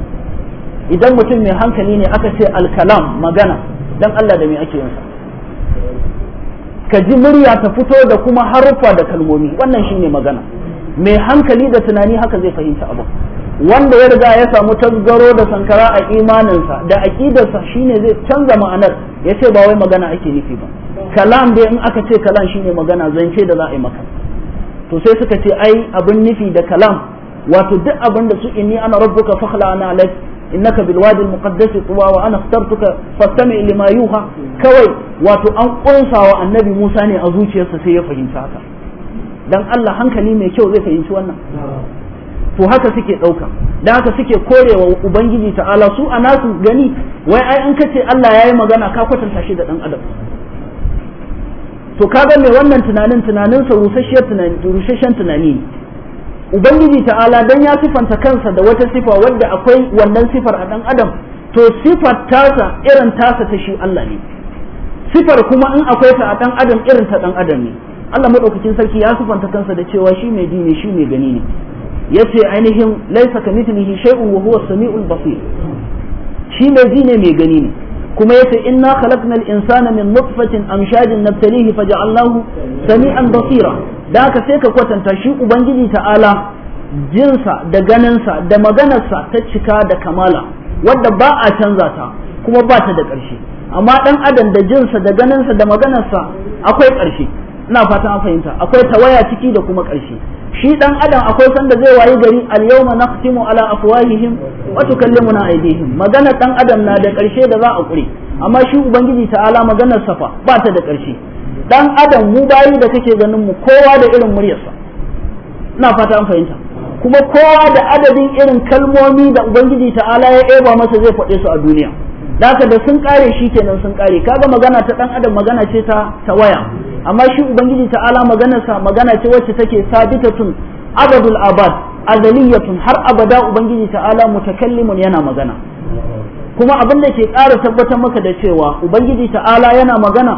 idan mutum mai hankali ne aka ce alkalam magana dan Allah da me ake yin ka ji murya ta fito da kuma haruffa da kalmomi wannan shine magana mai hankali da tunani haka zai fahimta abu wanda ya riga ya samu tasgaro da sankara a imaninsa da aƙidarsa shine zai canza ma'anar ya ce ba wai magana ake nufi ba kalam dai in aka ce kalam shine magana zance da za a yi maka to sai suka ce ai abin nufi da kalam wato duk abin da su inni ana rabbuka fakhla ana alak innaka bil wadi al muqaddas tuwa wa ana ikhtartuka fastami lima yuha kawai wato an kunsa wa annabi Musa ne a zuciyarsa sai ya fahimta haka dan Allah hankali mai kyau zai fahimci wannan to haka suke ɗauka da haka suke korewa ubangiji ta'ala su a nasu gani wai ai an kace Allah ya yi magana ka kwatanta shi da ɗan adam to kaga mai wannan tunanin tunaninsa rusasshen tunani ubangiji ta'ala dan ya sifanta kansa da wata sifa wadda akwai wannan sifar a ɗan adam to sifar tasa irin tasa ta shi Allah ne sifar kuma in akwai ta a ɗan adam irin ta ɗan adam ne Allah maɗaukakin sarki ya sifanta kansa da cewa shi mai dini shi mai gani ne yace ainihin laisa kamithlihi shay'un wa huwa samiul basir shi mai ji ne mai gani ne kuma yace inna khalaqnal insana min nutfatin amshajin nabtalihi faj'alnahu sami'an basira da haka sai ka kwatanta shi ubangiji ta'ala jinsa da ganinsa da maganarsa ta cika da kamala wadda ba a canza ta kuma ba ta da ƙarshe amma ɗan adam da jinsa da ganinsa da maganarsa akwai ƙarshe ina fata an fahimta akwai tawaya ciki da kuma ƙarshe shi dan adam akwai sanda zai wayi gari al-yawma naqtimu ala afwahihim wa tukallimuna aydihim magana dan adam na da karshe da za a kure amma shi ubangiji ta'ala maganar safa ba ta da karshe dan adam mu bayi da kake ganin mu kowa da irin muryarsa ina fata an fahimta kuma kowa da adadin irin kalmomi da ubangiji ta'ala ya eba masa zai faɗe su a duniya da haka da sun kare shi kenan sun kare kaga magana ta dan adam magana ce ta ta waya amma shi ubangiji ta'ala magana sa magana ce wacce take sabitatun abadul abad azaliyatun har abada ubangiji ta'ala mutakallimun yana magana kuma abin da ke ƙara tabbatar maka da cewa ubangiji ta'ala yana magana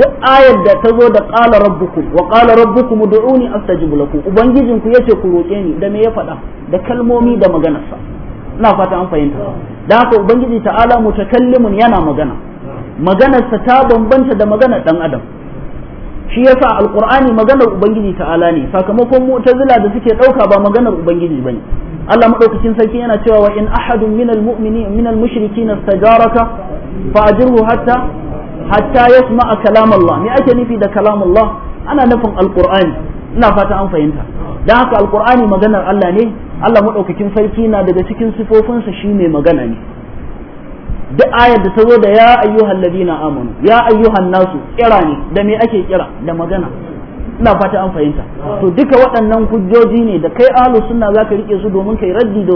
duk ayar da ta zo da qala rabbukum wa qala rabbukum ud'uni astajib lakum ubangijinku yace ku roke ni da me ya faɗa da kalmomi da maganarsa ina fata an fahimta dan haka ubangiji ta'ala mutakallimun yana magana maganarsa ta bambanta da maganar dan adam shi yasa alqur'ani maganar ubangiji ta'ala ne sakamakon mu'tazila da suke dauka ba maganar ubangiji bane Allah madaukakin sarki yana cewa wa in ahadun minal mu'mini minal mushrikin istajaraka fa ajirhu hatta hatta yasma'a kalam Allah me ake nufi da kalam Allah ana nufin alqur'ani ina fata an fahimta dan haka alqur'ani maganar Allah ne Allah madaukakin sarki na daga cikin sifofinsa shi shine magana ne duk ayar da ta zo da ya ayyuhal ladina amanu ya ayyuhan nasu kira ne da me ake kira da magana ina fata an fahimta to duka waɗannan hujjoji ne da kai ahlus sunna zaka rike su domin kai raddi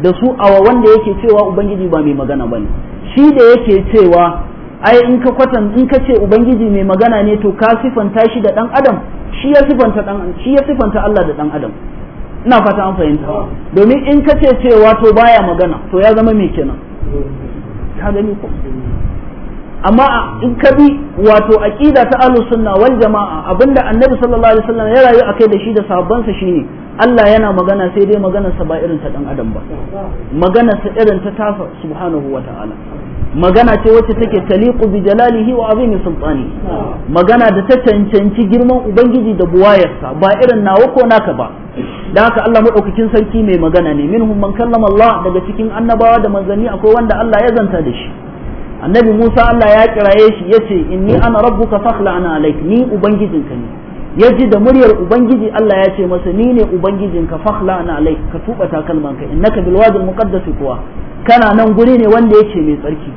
da su awa wanda yake cewa ubangiji ba mai magana bane shi da yake cewa ai in ka kwatan in ka ce ubangiji mai magana ne to ka sifanta shi da dan adam shi ya sifanta dan shi ya sifanta Allah da dan adam ina fata an fahimta domin in ka ce cewa to baya magana to ya zama me kenan ka gani ko amma in ka bi wato aqida ta ahlus sunna wal jamaa abinda annabi sallallahu alaihi wasallam ya rayu akai da shi da sa shine Allah yana magana sai dai magana sa ba irin ta dan adam ba magana sa irin ta tafa subhanahu wataala magana ce wacce take taliqu bi jalalihi wa azimi sultani magana da ta cancanci girman ubangiji da buwayarsa ba irin nawa ko naka ba da haka Allah madaukakin sarki mai magana ne minhum man kallama Allah daga cikin annabawa da manzanni akwai wanda Allah ya zanta da shi annabi Musa Allah ya kiraye shi yace inni ana rabbuka fakhla ana alaik ni ubangijinka ne yaji da muryar ubangiji Allah ya ce masa ni ne ubangijinka fakhla na alai ka tuba ka innaka bil wadil muqaddas kuwa kana nan guri ne wanda yake mai tsarki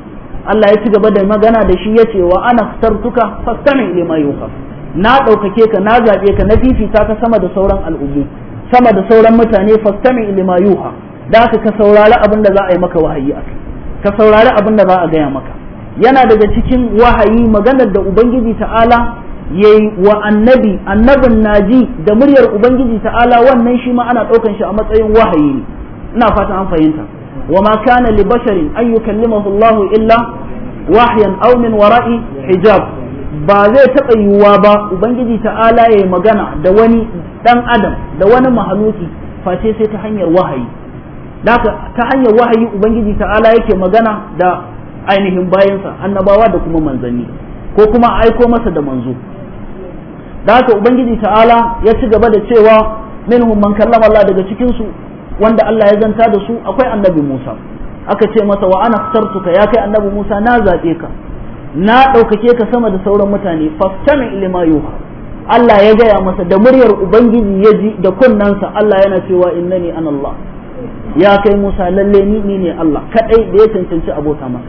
Allah ya ci gaba da magana da shi ya ce wa ana sartuka fastami lima yuqa na daukake ka na zabe ka na fifita ka sama da sauran al'ummu sama da sauran mutane fastami lima yuha da ka ka saurari abin da za a yi maka wahayi aka ka saurari abin da za a gaya maka yana daga cikin wahayi maganar da ubangiji ta'ala yayi wa annabi annabin naji da muryar ubangiji ta'ala wannan shi ma ana ɗaukan shi a matsayin wahayi ne ina fata an fahimta wa ma kana li basharin an yukallimahu Allah illa wahyan aw min wara'i hijab ba zai taɓa yiwuwa ba ubangiji ta'ala yayi magana da wani dan adam da wani mahaluki face sai ta hanyar wahayi Daka ta hanyar wahayi ubangiji ta'ala yake magana da ainihin bayansa annabawa da kuma manzanni ko kuma aiko masa da manzo da haka ubangiji ta'ala ya ci gaba da cewa minhum man kallama Allah daga cikin su wanda Allah ya zanta da su akwai annabi Musa aka ce masa wa ana fitartuka ya kai annabi Musa na zaɓe ka na ɗaukake ka sama da sauran mutane fastami lima yuha Allah ya gaya masa da muryar ubangiji ya ji da kunnansa Allah yana cewa innani an Allah ya kai Musa lalle ni ni ne Allah kadai da ya cancanci abota masa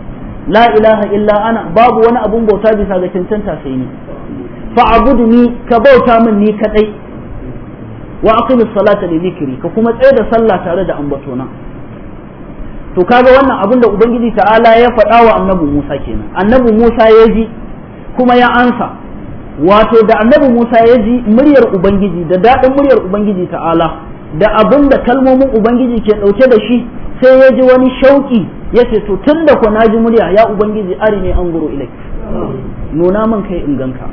la ilaha illa ana babu wani abun bauta bisa ga cancanta sai ni ni ka bauta min ni kadai wa aqimi salata li dhikri ka kuma tsaya da sallah tare da ambatona to kaga wannan abin da ubangiji ta'ala ya faɗa wa annabi Musa kenan annabi Musa ya ji kuma ya ansa wato da annabi Musa ya ji muryar ubangiji da daɗin muryar ubangiji ta'ala da abin da kalmomin ubangiji ke ɗauke da shi sai ya ji wani shauƙi ya ce to tun da ku na ji murya ya ubangiji ari ne an guro ilai nuna min kai in ganka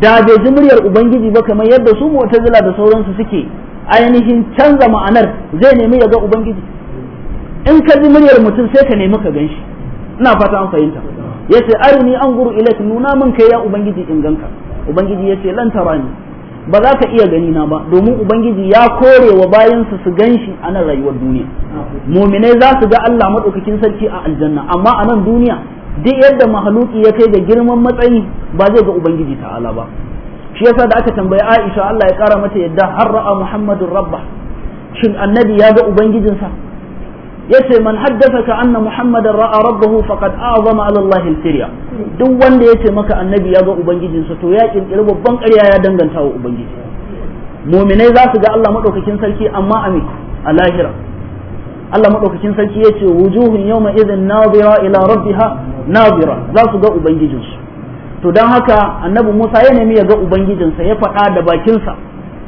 da bai ji muryar ubangiji ba kamar yadda su mu'tazila da sauransu suke ainihin canza ma'anar zai nemi ya ga ubangiji in ka ji muryar mutum sai ka nemi ka ganshi ina fata an fahimta yace arini an guru ilaik nuna min kai ya ubangiji in ganka ubangiji yace lan tarani ba za ka iya gani na ba domin ubangiji ya kore wa su su ganshi a nan rayuwar duniya muminai za su ga Allah madaukakin sarki a aljanna amma a nan duniya duk yadda mahaluki ya kai da girman matsayi ba zai ga ubangiji ta'ala ba shi yasa da aka tambayi Aisha Allah ya kara mata yadda har ra'a Muhammadur rabba shin annabi ya ga ubangijinsa yace man haddathaka anna Muhammadan ra'a rabbahu faqad a'zama 'ala Allah al sirya duk wanda yace maka annabi ya ga ubangijinsa to ya kirkiri babban ƙarya ya danganta wa ubangiji mu'minai za su ga Allah madaukakin sarki amma amin a lahira Allah madaukakin sarki ce wujuhun ma idhin nadira ila rabbiha nabira za su ga ubangijinsu to dan haka annabi Musa ya nemi ya ga ubangijinsa ya faɗa da bakinsa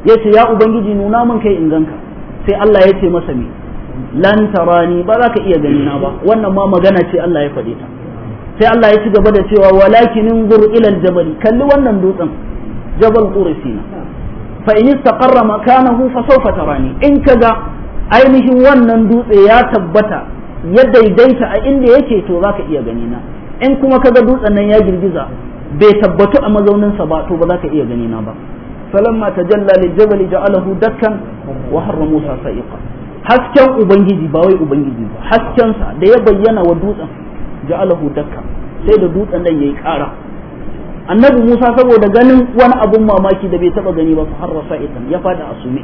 ce ya ubangiji nuna min kai in ganka sai Allah ya ce masa me lan tarani ba za ka iya gani ba wannan ma magana ce Allah ya faɗe ta sai Allah ya ci gaba da cewa walakinin inzur ilal aljabal kalli wannan dutsen jabal qurisina fa in istaqarra makanahu fa sawfa tarani in kaga ainihin wannan dutse ya tabbata ya daidaita a inda yake to za ka iya gani na in kuma kaga dutsen nan ya girgiza bai tabbatu a mazauninsa ba to ba za ka iya gani na ba falamma tajalla lil jabal ja'alahu dakkan wa harra musa sa'iqa hasken ubangiji ba wai ubangiji ba hasken sa da ya bayyana wa dutsen ja'alahu dakkan sai da dutsen nan yayi ƙara annabi musa saboda ganin wani abun mamaki da bai taba gani ba fa harra sa'iqan ya fada asumi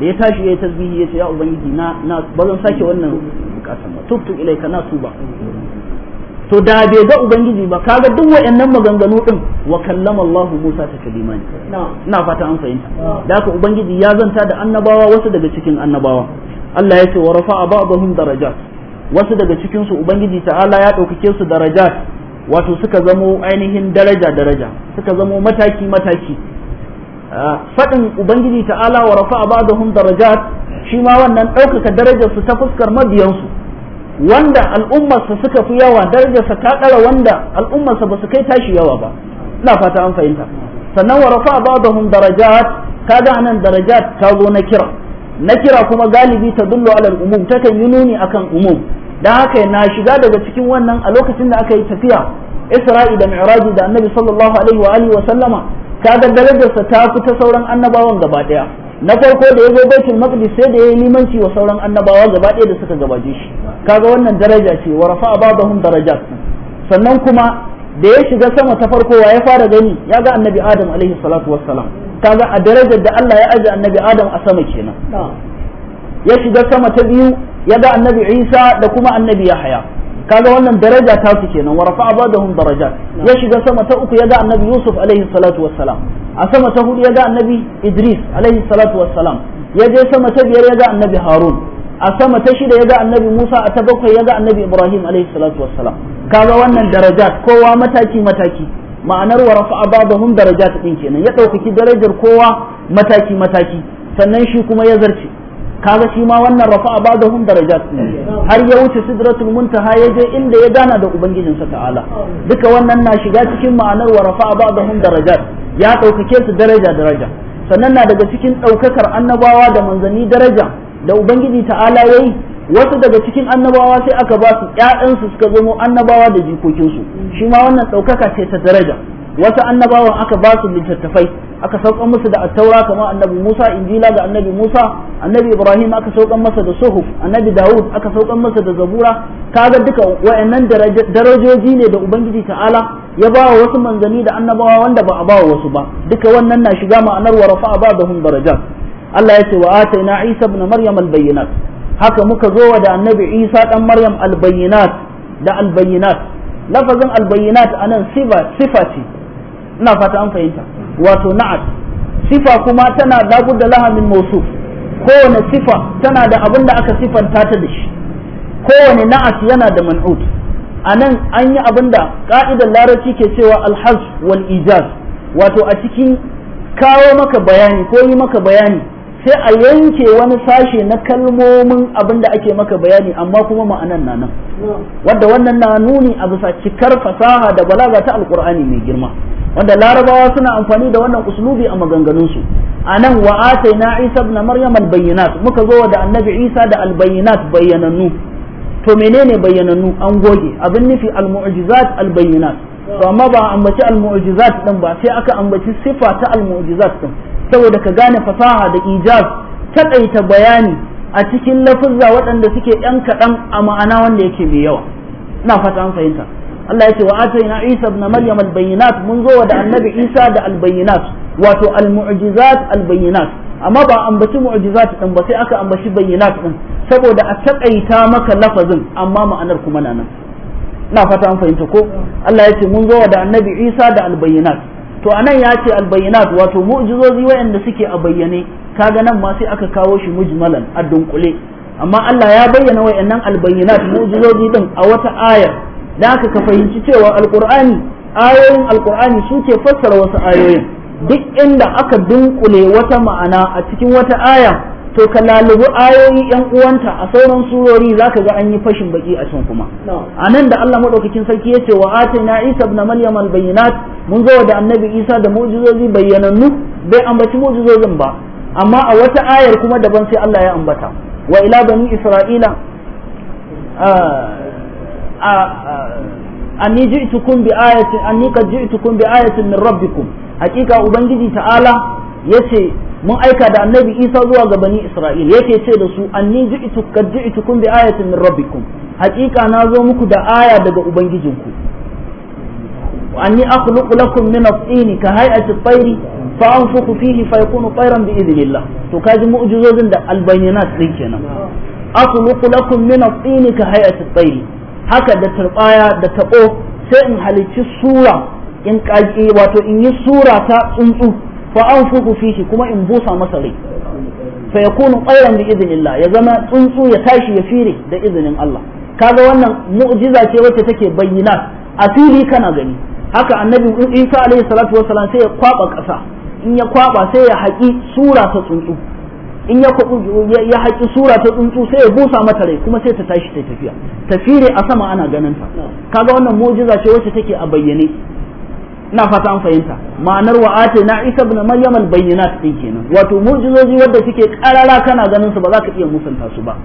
da ya tashi ya yi tasbihi ya ce ya ubangiji na na ba sake wannan bukatan ba ilai ilaika na tuba to da bai ga ubangiji ba kaga duk wayannan maganganu din wa kallama Allahu Musa ta kalima ne ina fata an fahimta da haka ubangiji ya zanta da annabawa wasu daga cikin annabawa Allah ya ce wa rafa'a ba'dahum darajat wasu daga cikin su ubangiji ta'ala ya dauke su darajat wato suka zamo ainihin daraja daraja suka zamo mataki mataki faɗin ubangiji ta'ala wa rafa'a ba'dahum darajat shi ma wannan ɗaukaka darajarsu ta fuskar mabiyansu wanda al'ummarsa suka fi yawa darajarsa ta ɗara wanda al'ummarsa ba su kai tashi yawa ba ina fata an fahimta sannan wa rafa'a ba'dahum darajat kaga anan darajat ta zo na kira na kira kuma galibi ta dullo alal umum takan yi nuni akan umum dan haka na shiga daga cikin wannan a lokacin da aka yi tafiya Isra'i da Mi'raji da Annabi sallallahu alaihi wa alihi wa sallama kaga darajarsa ta fi ta sauran annabawan gaba daya na farko da ya zo baitul maqdis sai da ya yi limanci wa sauran annabawa gaba daya da suka gabaje shi kaga wannan daraja ce wa rafa'a ba'dahum darajat sannan kuma da ya shiga sama ta farko wa ya fara gani ya ga annabi adam alaihi salatu wassalam kaga a darajar da Allah ya aje annabi adam a sama kenan ya shiga sama ta biyu ya ga annabi Isa da kuma annabi Yahya kaga wannan daraja ta su kenan wa rafa'a ba'dahum darajat ya shiga sama ta uku yaga annabi Yusuf alaihi salatu wassalam a sama ta hudu yaga annabi Idris alaihi salatu wassalam ya je sama ta biyar yaga annabi Harun a sama ta shida yaga annabi Musa a ta bakwai yaga annabi Ibrahim alaihi salatu wassalam kaga wannan darajat kowa mataki mataki ma'anar wa rafa'a ba'dahum darajat din kenan ya ɗaukaki darajar kowa mataki mataki sannan shi kuma ya zarce kaga shi ma wannan ba ba'dahum darajat har ya wuce sidratul muntaha ya je inda ya gana da ubangijinsa ta'ala duka wannan na shiga cikin ma'anar wa ba ba'dahum darajat ya ɗaukake su daraja daraja sannan na daga cikin ɗaukakar annabawa da manzanni daraja da ubangiji ta'ala yayi wasu daga cikin annabawa sai aka ba su ƴaƴansu suka zamo annabawa da jikokinsu shi ma wannan ɗaukaka ce ta daraja wasu annabawan aka ba su littattafai aka saukan masa da attaura kamar annabi Musa injila ga annabi Musa annabi Ibrahim aka saukan masa da suhuf annabi Dawud aka saukan masa da zabura kaga duka wayannan darajoji ne da ubangiji ta'ala ya ba wa wasu manzanni da annabawa wanda ba a ba wasu ba duka wannan na shiga ma'anar wa rafa'a ba'dahum daraja Allah ya ce wa ataina Isa ibn Maryam al-bayyinat haka muka zo wa da annabi Isa dan Maryam al-bayyinat da al-bayyinat lafazin al-bayyinat anan sifa sifa ina fata an fahimta wato na'at sifa kuma tana labudda da min mosu kowane sifa tana da abin da aka sifanta ta da shi kowane na'at yana da man'ud a nan an yi abin da ƙa'idar larabci ke cewa alhaz wal ijaz wato a cikin kawo maka bayani ko yi maka bayani sai a yanke wani sashe na kalmomin abin da ake maka bayani amma kuma ma'anan na nan wadda wannan na nuni a bisa cikar fasaha da balaga ta alkur'ani mai girma wanda larabawa suna amfani da wannan uslubi a maganganunsu a nan wa na isa ibn maryam albayyinat muka zo da annabi isa da albayyinat bayyanannu to menene bayyanannu an goge abin nufi almu'jizat albayyanat to amma ba ambaci al-mu'jizat din ba sai aka ambaci sifa ta al-mu'jizat din saboda ka gane fasaha da ijaz taƙaita bayani a cikin lafuzza waɗanda suke ɗan kaɗan a ma'ana wanda yake mai yawa ina fata an fahimta Allah ya ce wa atayna Isa ibn Maryam al mun zo da annabi Isa da al-bayyinat wato al-mu'jizat al-bayyinat amma ba ambaci mu'jizat din ba sai aka ambaci bayyinat din saboda a taƙaita maka lafazin amma ma'anar kuma na nan na fata an fahimta ko Allah ya ce mun zo da annabi Isa da albayinat to anan ya ce albayinat wato mu'jizozi wayanda suke a bayyane kaga nan ma sai aka kawo shi mujmalan a dunkule amma Allah ya bayyana wayannan albayinat mu'jizozi din a wata aya da aka ka fahimci cewa alqur'ani ayoyin alqur'ani suke fassara wasu ayoyin duk inda aka dunkule wata ma'ana a cikin wata aya to ka lalubu ayoyi yan uwanta a sauran surori zaka ga an yi fashin baki a can kuma a nan da Allah madaukakin sarki ya ce wa atina Isa ibn Maryam al bayyinat mun zo da Annabi Isa da mu'jizozi bayyanannu bai ambaci mu'jizozin ba amma a wata ayar kuma daban sai Allah ya ambata wa ila bani Isra'ila anni ji'tukum bi ayatin anni qad ji'tukum bi ayatin min rabbikum hakika ubangiji ta'ala yace mun aika da annabi isa zuwa ga bani isra'il yake ce da su anni ji'tu kad ji'tukum bi ayatin min rabbikum haqiqa na zo muku da aya daga ubangijinku anni akhluqu lakum min at-tin ka hay'ati at tayri fa anfukhu fihi fa yakunu tayran bi idnillah to kaji mu'jizozin da albayinat din kenan akhluqu lakum min at-tin ka hay'ati at tayri haka da turbaya da tabo sai in halicci sura in kaji wato in yi sura ta tsuntsu fa anfuku fihi kuma in busa masa rai fa yakunu qayran bi idnillah ya zama tsuntsu ya tashi ya fire da izinin Allah kaga wannan mu'jiza ce wacce take bayyana a fili kana gani haka annabi Isa alaihi salatu salam sai ya kwaba kasa in ya kwaba sai ya haƙi sura ta tsuntsu in ya ya haƙi sura ta tsuntsu sai ya busa mata rai kuma sai ta tashi ta tafiya tafire a sama ana ganin ta kaga wannan mu'jiza ce wacce take a bayyane ina fata an fahimta ma'anar wa ate na isa ibn maryam al bayyinat din kenan wato mu'jizoji wanda suke karara kana ganin su ba za ka iya musanta su ba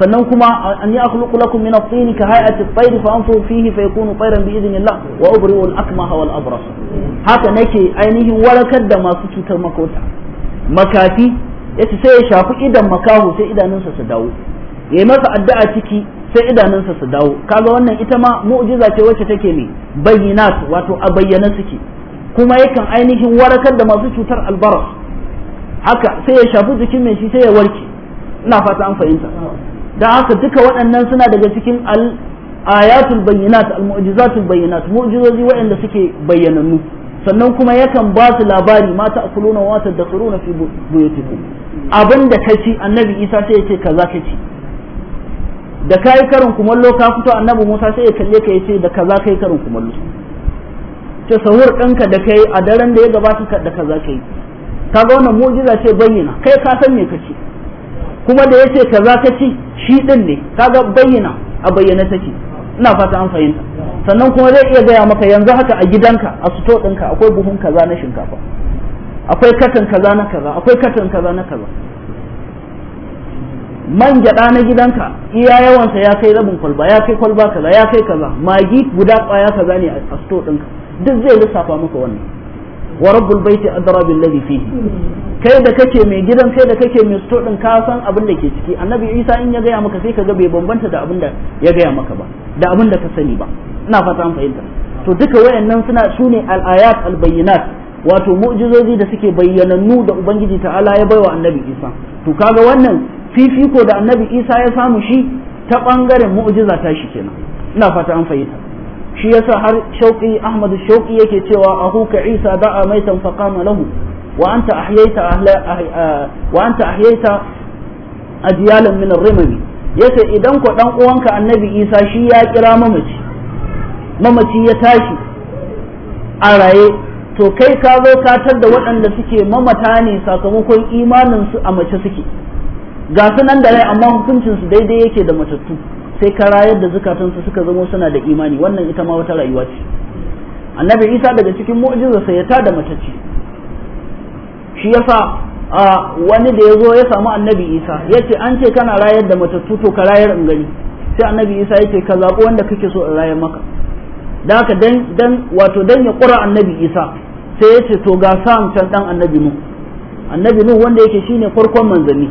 sannan kuma an ya akhluqu lakum min at-tin ka hay'ati at-tayr fa anfu fihi fa yakunu tayran bi idhnillah wa ubri'u al-akmaha wal abras haka nake ainihin warakar da masu cutar makota makafi yace sai ya shafi idan makahu sai idanunsa su dawo yayi masa addu'a ciki sai idanunsa su dawo kaga wannan ita ma mu'jiza ce wacce take ne bayyinat wato a bayyana suke kuma yakan ainihin warakar da masu cutar albaras haka sai ya shafi jikin mai shi sai ya warke ina fata an fahimta dan haka duka waɗannan suna daga cikin al ayatul bayyinat al mu'jizatul bayyinat mu'jizozi waɗanda suke bayyanannu sannan kuma yakan ba su labari ma ta'kuluna wa tadakhuruna fi buyutikum abinda ci annabi Isa sai ya ce kaza ci. da ka yi karin kumallo ka fito annabi Musa sai ya kalle ka yace da kaza kai karin kumallo ce sahur ɗinka da kai a daren da ya gabata da kaza kai kaga wannan mu'jiza ce bayyana kai ka san me kace kuma da yace kaza ka ci shi ɗin ne kaga bayyana a bayyana take ina fata an fahimta sannan kuma zai iya gaya maka yanzu haka a gidanka a suto ɗinka akwai buhun kaza na shinkafa akwai katan kaza na kaza akwai katan kaza na kaza man gyaɗa na gidanka iya yawansa ya kai rabin kwalba ya kai kwalba kaza ya kai kaza magi guda ƙwaya kaza ne a sto ɗinka duk zai lissafa maka wannan wa rabbul baiti adra bil ladhi fihi kai da kake mai gidan kai da kake mai sto ɗin ka san abin da ke ciki annabi isa in ya gaya maka sai ka ga bai bambanta da abin da ya gaya maka ba da abin da ka sani ba ina fata an fahimta to duka wayannan suna sune al ayat al bayyinat wato mu'jizozi da suke bayyanannu da ubangiji ta'ala ya baiwa annabi isa to kaga wannan fifiko da annabi isa ya samu shi ta bangaren mu'jiza ta shi kenan ina fata an fahimta shi yasa har shauqi ahmadu shauki yake cewa ahuka isa da'a a mai lahu wa anta ahyaita ahla wa anta ahyaita ajyalan min ar yace idan ko dan uwanka annabi isa shi ya kira mamaci mamaci ya tashi a raye to kai ka zo katar da waɗanda suke mamata ne sakamakon imaninsu a mace suke ga su nan da rai amma hukuncinsu daidai yake da matattu sai ka rayar da zukatansu suka zamo suna da imani wannan ita ma wata rayuwa ce annabi isa daga cikin mu'jizarsa ya tada matacce shi yasa a wani da ya zo ya samu annabi isa ya ce an ce kana rayar da matattu to ka rayar in gani sai annabi isa ya ce ka zaɓi wanda kake so in rayar maka da haka dan dan wato dan ya ƙura annabi isa sai ya ce to ga sam can dan annabi nu annabi nu wanda yake shine farkon manzanni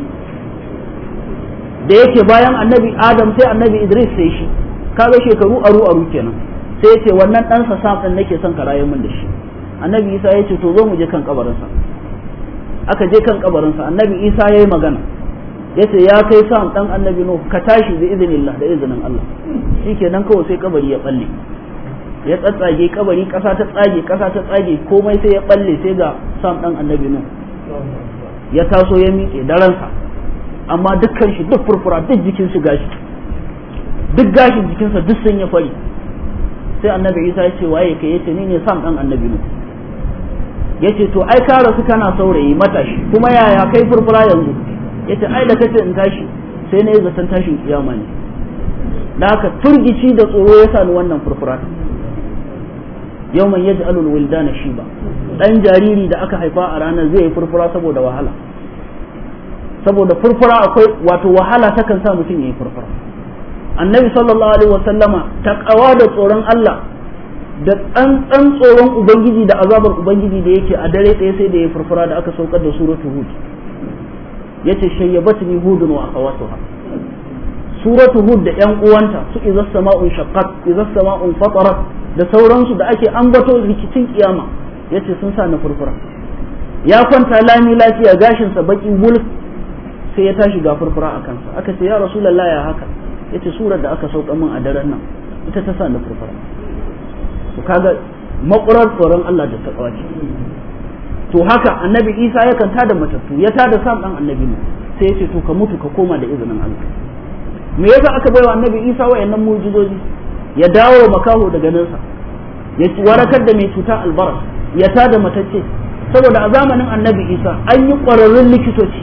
da yake bayan annabi adam sai annabi idris sai shi kaga shekaru aru aru kenan sai ya ce wannan ɗansa sam ɗin nake son ka rayu min da shi annabi isa ya ce to zo mu je kan kabarinsa aka je kan sa annabi isa ya yi magana ya ce ya kai sam dan annabi nu ka tashi bi izinillah da izinin allah shikenan kawai sai kabari ya balle ya tsatsage kabari kasa ta tsage kasa ta tsage komai sai ya balle sai ga sam dan annabi nan ya taso ya miƙe daransa amma dukkan shi duk furfura duk jikin shi gashi duk gashin jikinsa duk sun ya fari sai annabi isa ya ce waye kai yace ni ne sam dan annabi nan yace to ai ka rasu kana saurayi matashi kuma yaya kai furfura yanzu yace ai da kace in tashi sai na yi zaton tashin kiyama ne da haka furgici da tsoro ya sani wannan furfura yau mai yawman na shi ba ɗan jariri da aka haifa a ranar zai yi furfura saboda wahala saboda furfura akwai wato wahala takan sa mutum yi furfura annabi sallallahu alaihi wasallama kawa da tsoron Allah da tsantsan tsoron ubangiji da azabar ubangiji da yake a dare ɗaya sai da ya furfura da aka saukar da suratul hud yace ni hudun wa akhawatuha suratul hud da yan uwanta su idza sama'un shaqqat idza fatarat da sauransu da ake ambato rikicin kiyama ce sun sa na furfura ya kwanta lami lafiya gashinsa baki wul, sai ya tashi ga furfura a kansa aka ce ya rasulullah ya haka ya ce surar da aka sauka min a daren nan ita ta sa na furfura to kaga makurar tsoron Allah da ta kawace to haka annabi Isa ya kanta da matattu ya tada sam dan annabi ne sai ya ce to ka mutu ka koma da izinin Allah me yasa aka baiwa annabi Isa wayannan mu'jizoji ya dawo makaho daga ganinsa ya warakar da mai cuta albaras ya tada matacce saboda a zamanin annabi isa an yi ƙwararrun likitoci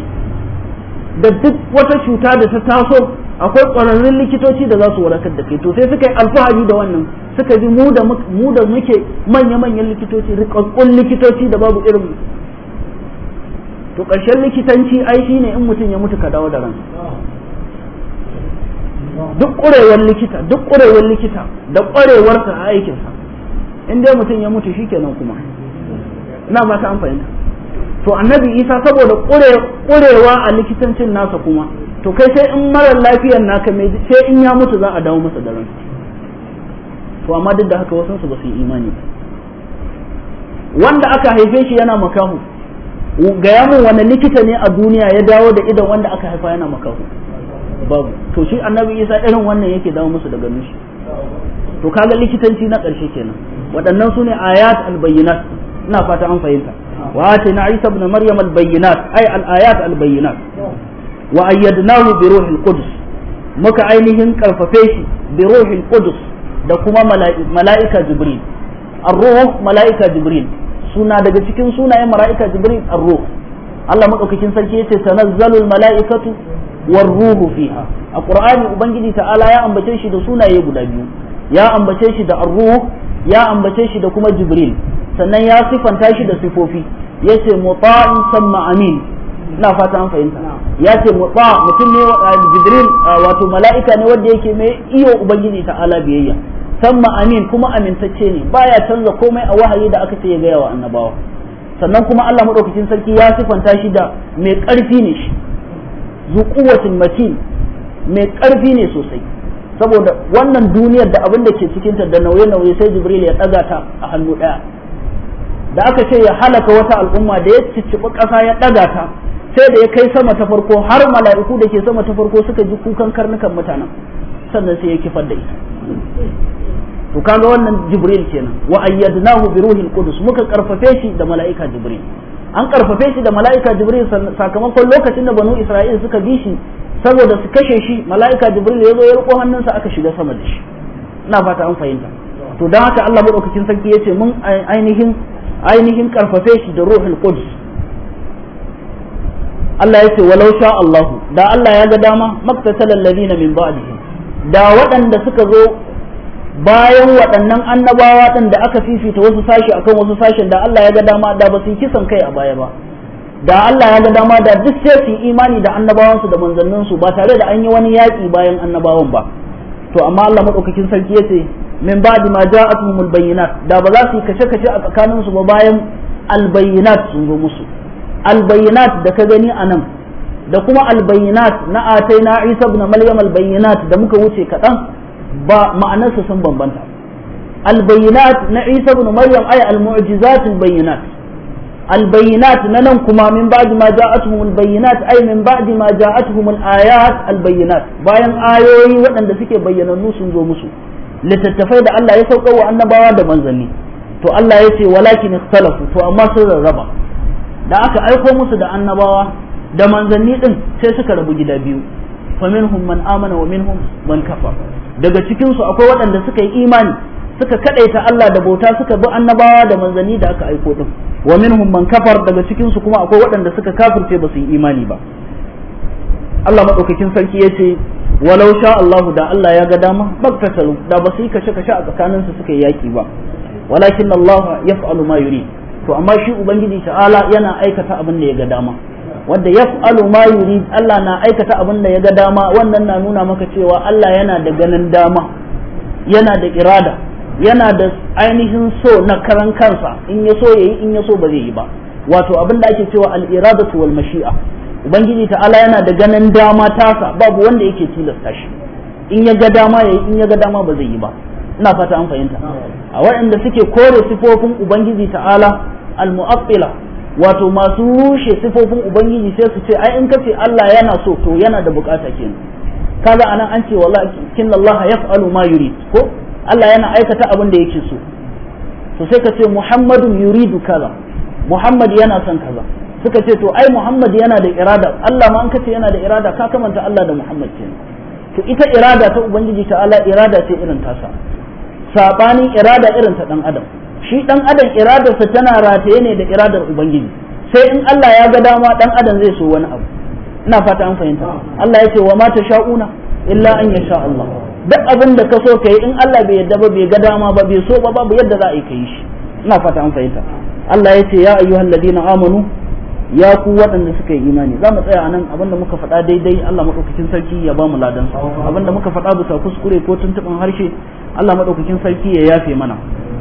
da duk wata cuta da ta taso akwai ƙwararrun likitoci da za su warakar da kai to sai suka yi alfahari da wannan suka ji mu da muke manya-manyan likitoci rikakkun likitoci da babu irin to ƙarshen likitanci ai shine in mutum ya mutu ka dawo da ransa duk ƙurewar likita duk ƙurewar likita da ƙwarewarsa a aikinsa in dai mutum ya mutu shikenan kuma ina ba ta amfani to annabi isa saboda ƙurewa a likitancin nasa kuma to kai sai in mara lafiyar naka mai sai in ya mutu za a dawo masa da ran to amma duk da haka wasansu ba su yi imani ba wanda aka haife shi yana makahu gaya min wani likita ne a duniya ya dawo da idan wanda aka haifa yana makahu babu to shi annabi isa irin wannan yake dawo musu daga shi to kaga likitanci na ƙarshe kenan waɗannan su ne ayat albayyinat ina fata an fahimta wa atina isa ibn maryam albayyinat ay al ayat albayyinat wa ayyadnahu bi ruhil qudus muka ainihin karfafe shi bi ruhil qudus da kuma mala'ika jibril ar-ruh mala'ika jibril suna daga cikin sunayen mala'ika jibril ar Allah madaukakin sarki yace tanazzalul mala'ikatu war ruhu fiha a qur'ani ubangiji ta'ala ya ambace shi da sunaye guda biyu ya ambace shi da ar-ruh ya ambace shi da kuma jibril sannan ya sifanta shi da sifofi yace muta'in samma amin ina fata an fahimta yace muta mutum ne wa eh, jibril eh, wato mala'ika ne wanda yake mai iyo ubangiji ta'ala biyayya samma amin kuma amintacce ne baya canza komai a wahayi da aka ce ya gaya wa annabawa sannan kuma Allah madaukakin sarki ya sifanta shi da mai ƙarfi ne shi zu quwwatin matin mai karfi ne sosai saboda wannan duniyar da abin da ke cikinta da nauye-nauye sai jibril ya ɗaga ta a hannu ɗaya da aka ce ya halaka wata al'umma da ya cicciɓi ƙasa ya ɗaga ta sai da ya kai sama ta farko har mala'iku da ke sama ta farko suka ji kukan karnukan mutanen sannan sai ya kifar da ita to kaga wannan jibril kenan wa ayyadnahu bi ruhil qudus muka karfafe shi da mala'ika jibril an karfafe shi da mala'ika jibril sakamakon lokacin da banu isra'il suka bi shi saboda su kashe shi mala'ika jibril ya zo ya riko hannunsa aka shiga sama da shi ina fata an fahimta to haka Allah madaukakin sarki ya ce mun ainihin ainihin karfafe shi da ruhul quds Allah yace walau sha Allahu. da Allah ya ga dama maktatalal ladina min ba'dihi da waɗanda suka zo bayan waɗannan annabawa ɗin da aka fifita wasu sashi kan wasu sashen da Allah ya ga dama da ba su kisan kai a baya ba da Allah ya ga dama da duk sai imani da annabawansu da manzanninsu ba tare da an yi wani yaƙi bayan annabawan ba to amma Allah madaukakin sarki ya ce min ba'di ma ja'atuhumul bayyinat da ba za su yi kace-kace a tsakaninsu ba bayan albayyinat sun zo musu albayyinat da ka gani anan da kuma albayyinat na atai na Isa ibn Maryam albayyinat da muka wuce kaɗan ba ma'anarsa sun bambanta albayinat na isa ibn maryam ay almu'jizat bayyana. albayinat na nan kuma min ba'di ma ja'atuhum albayinat ay min ba'di ma ja'atuhum alayat albayinat bayan ayoyi waɗanda suke bayyanannu sun zo musu littattafai da Allah ya saukar wa annabawa da manzanni to Allah ya ce walakin ikhtalafu to amma sun rarraba da aka aiko musu da annabawa da manzanni din sai suka rabu gida biyu faminhum man amana wa minhum man kafa, daga cikin su akwai waɗanda suka yi imani suka kadaita Allah da bauta suka bi annabawa da manzanni da aka aiko din wa minhum man kafar daga cikin su kuma akwai waɗanda suka kafirce ba su yi imani ba Allah madaukakin sarki yace walau sha Allahu da Allah ya ga dama bagtatalu da ba su yi kashe kashe a tsakanin su suka yi yaki ba walakin Allah yaf'alu ma yuri to amma shi ubangiji ta'ala yana aikata abin da ya ga dama wanda fi ma yuri Allah na aikata abin da ya ga dama wannan na nuna maka cewa Allah yana da ganin dama yana da irada yana da ainihin so na karan kansa in ya so yayi in ya so ba zai yi ba wato abin da ake cewa al-iradatu wal mashi'a ubangiji ta'ala yana da ganin dama tasa babu wanda yake tilasta shi in ya ga dama yayi in ya ga dama ba zai yi ba ina fata an fahimta a waɗanda suke kore sifofin ubangiji ta'ala al wato masu rushe sifofin ubangiji sai su ce ai in kace Allah yana so to yana da bukata kenan kaga anan an ce wallahi kinna Allah yaf'alu ma yurid ko Allah yana aikata abin da yake so to sai ka ce Muhammadun yuridu kaza Muhammad yana son kaza suka ce to ai Muhammad yana da irada Allah ma an kace yana da irada ka kamanta Allah da Muhammad kenan to ita irada ta ubangiji ta allah irada ce irin tasa sabani irada irin ta dan adam shi dan adam iradarsa tana rataye ne da iradar ubangiji sai in Allah ya ga dama dan adam zai so wani abu ina fata an fahimta Allah ya ce wa ma tasha'una illa an yasha Allah duk abin da ka so kai in Allah bai yadda ba bai ga dama ba bai so ba babu yadda za a yi kai shi ina fata an fahimta Allah ya ce ya ayyuhal ladina amanu ya ku waɗanda suka yi imani za mu tsaya a nan abinda muka faɗa daidai Allah maɗaukakin sarki ya ba mu ladan abinda muka faɗa bisa kuskure ko tuntuɓin harshe Allah maɗaukakin sarki ya yafe mana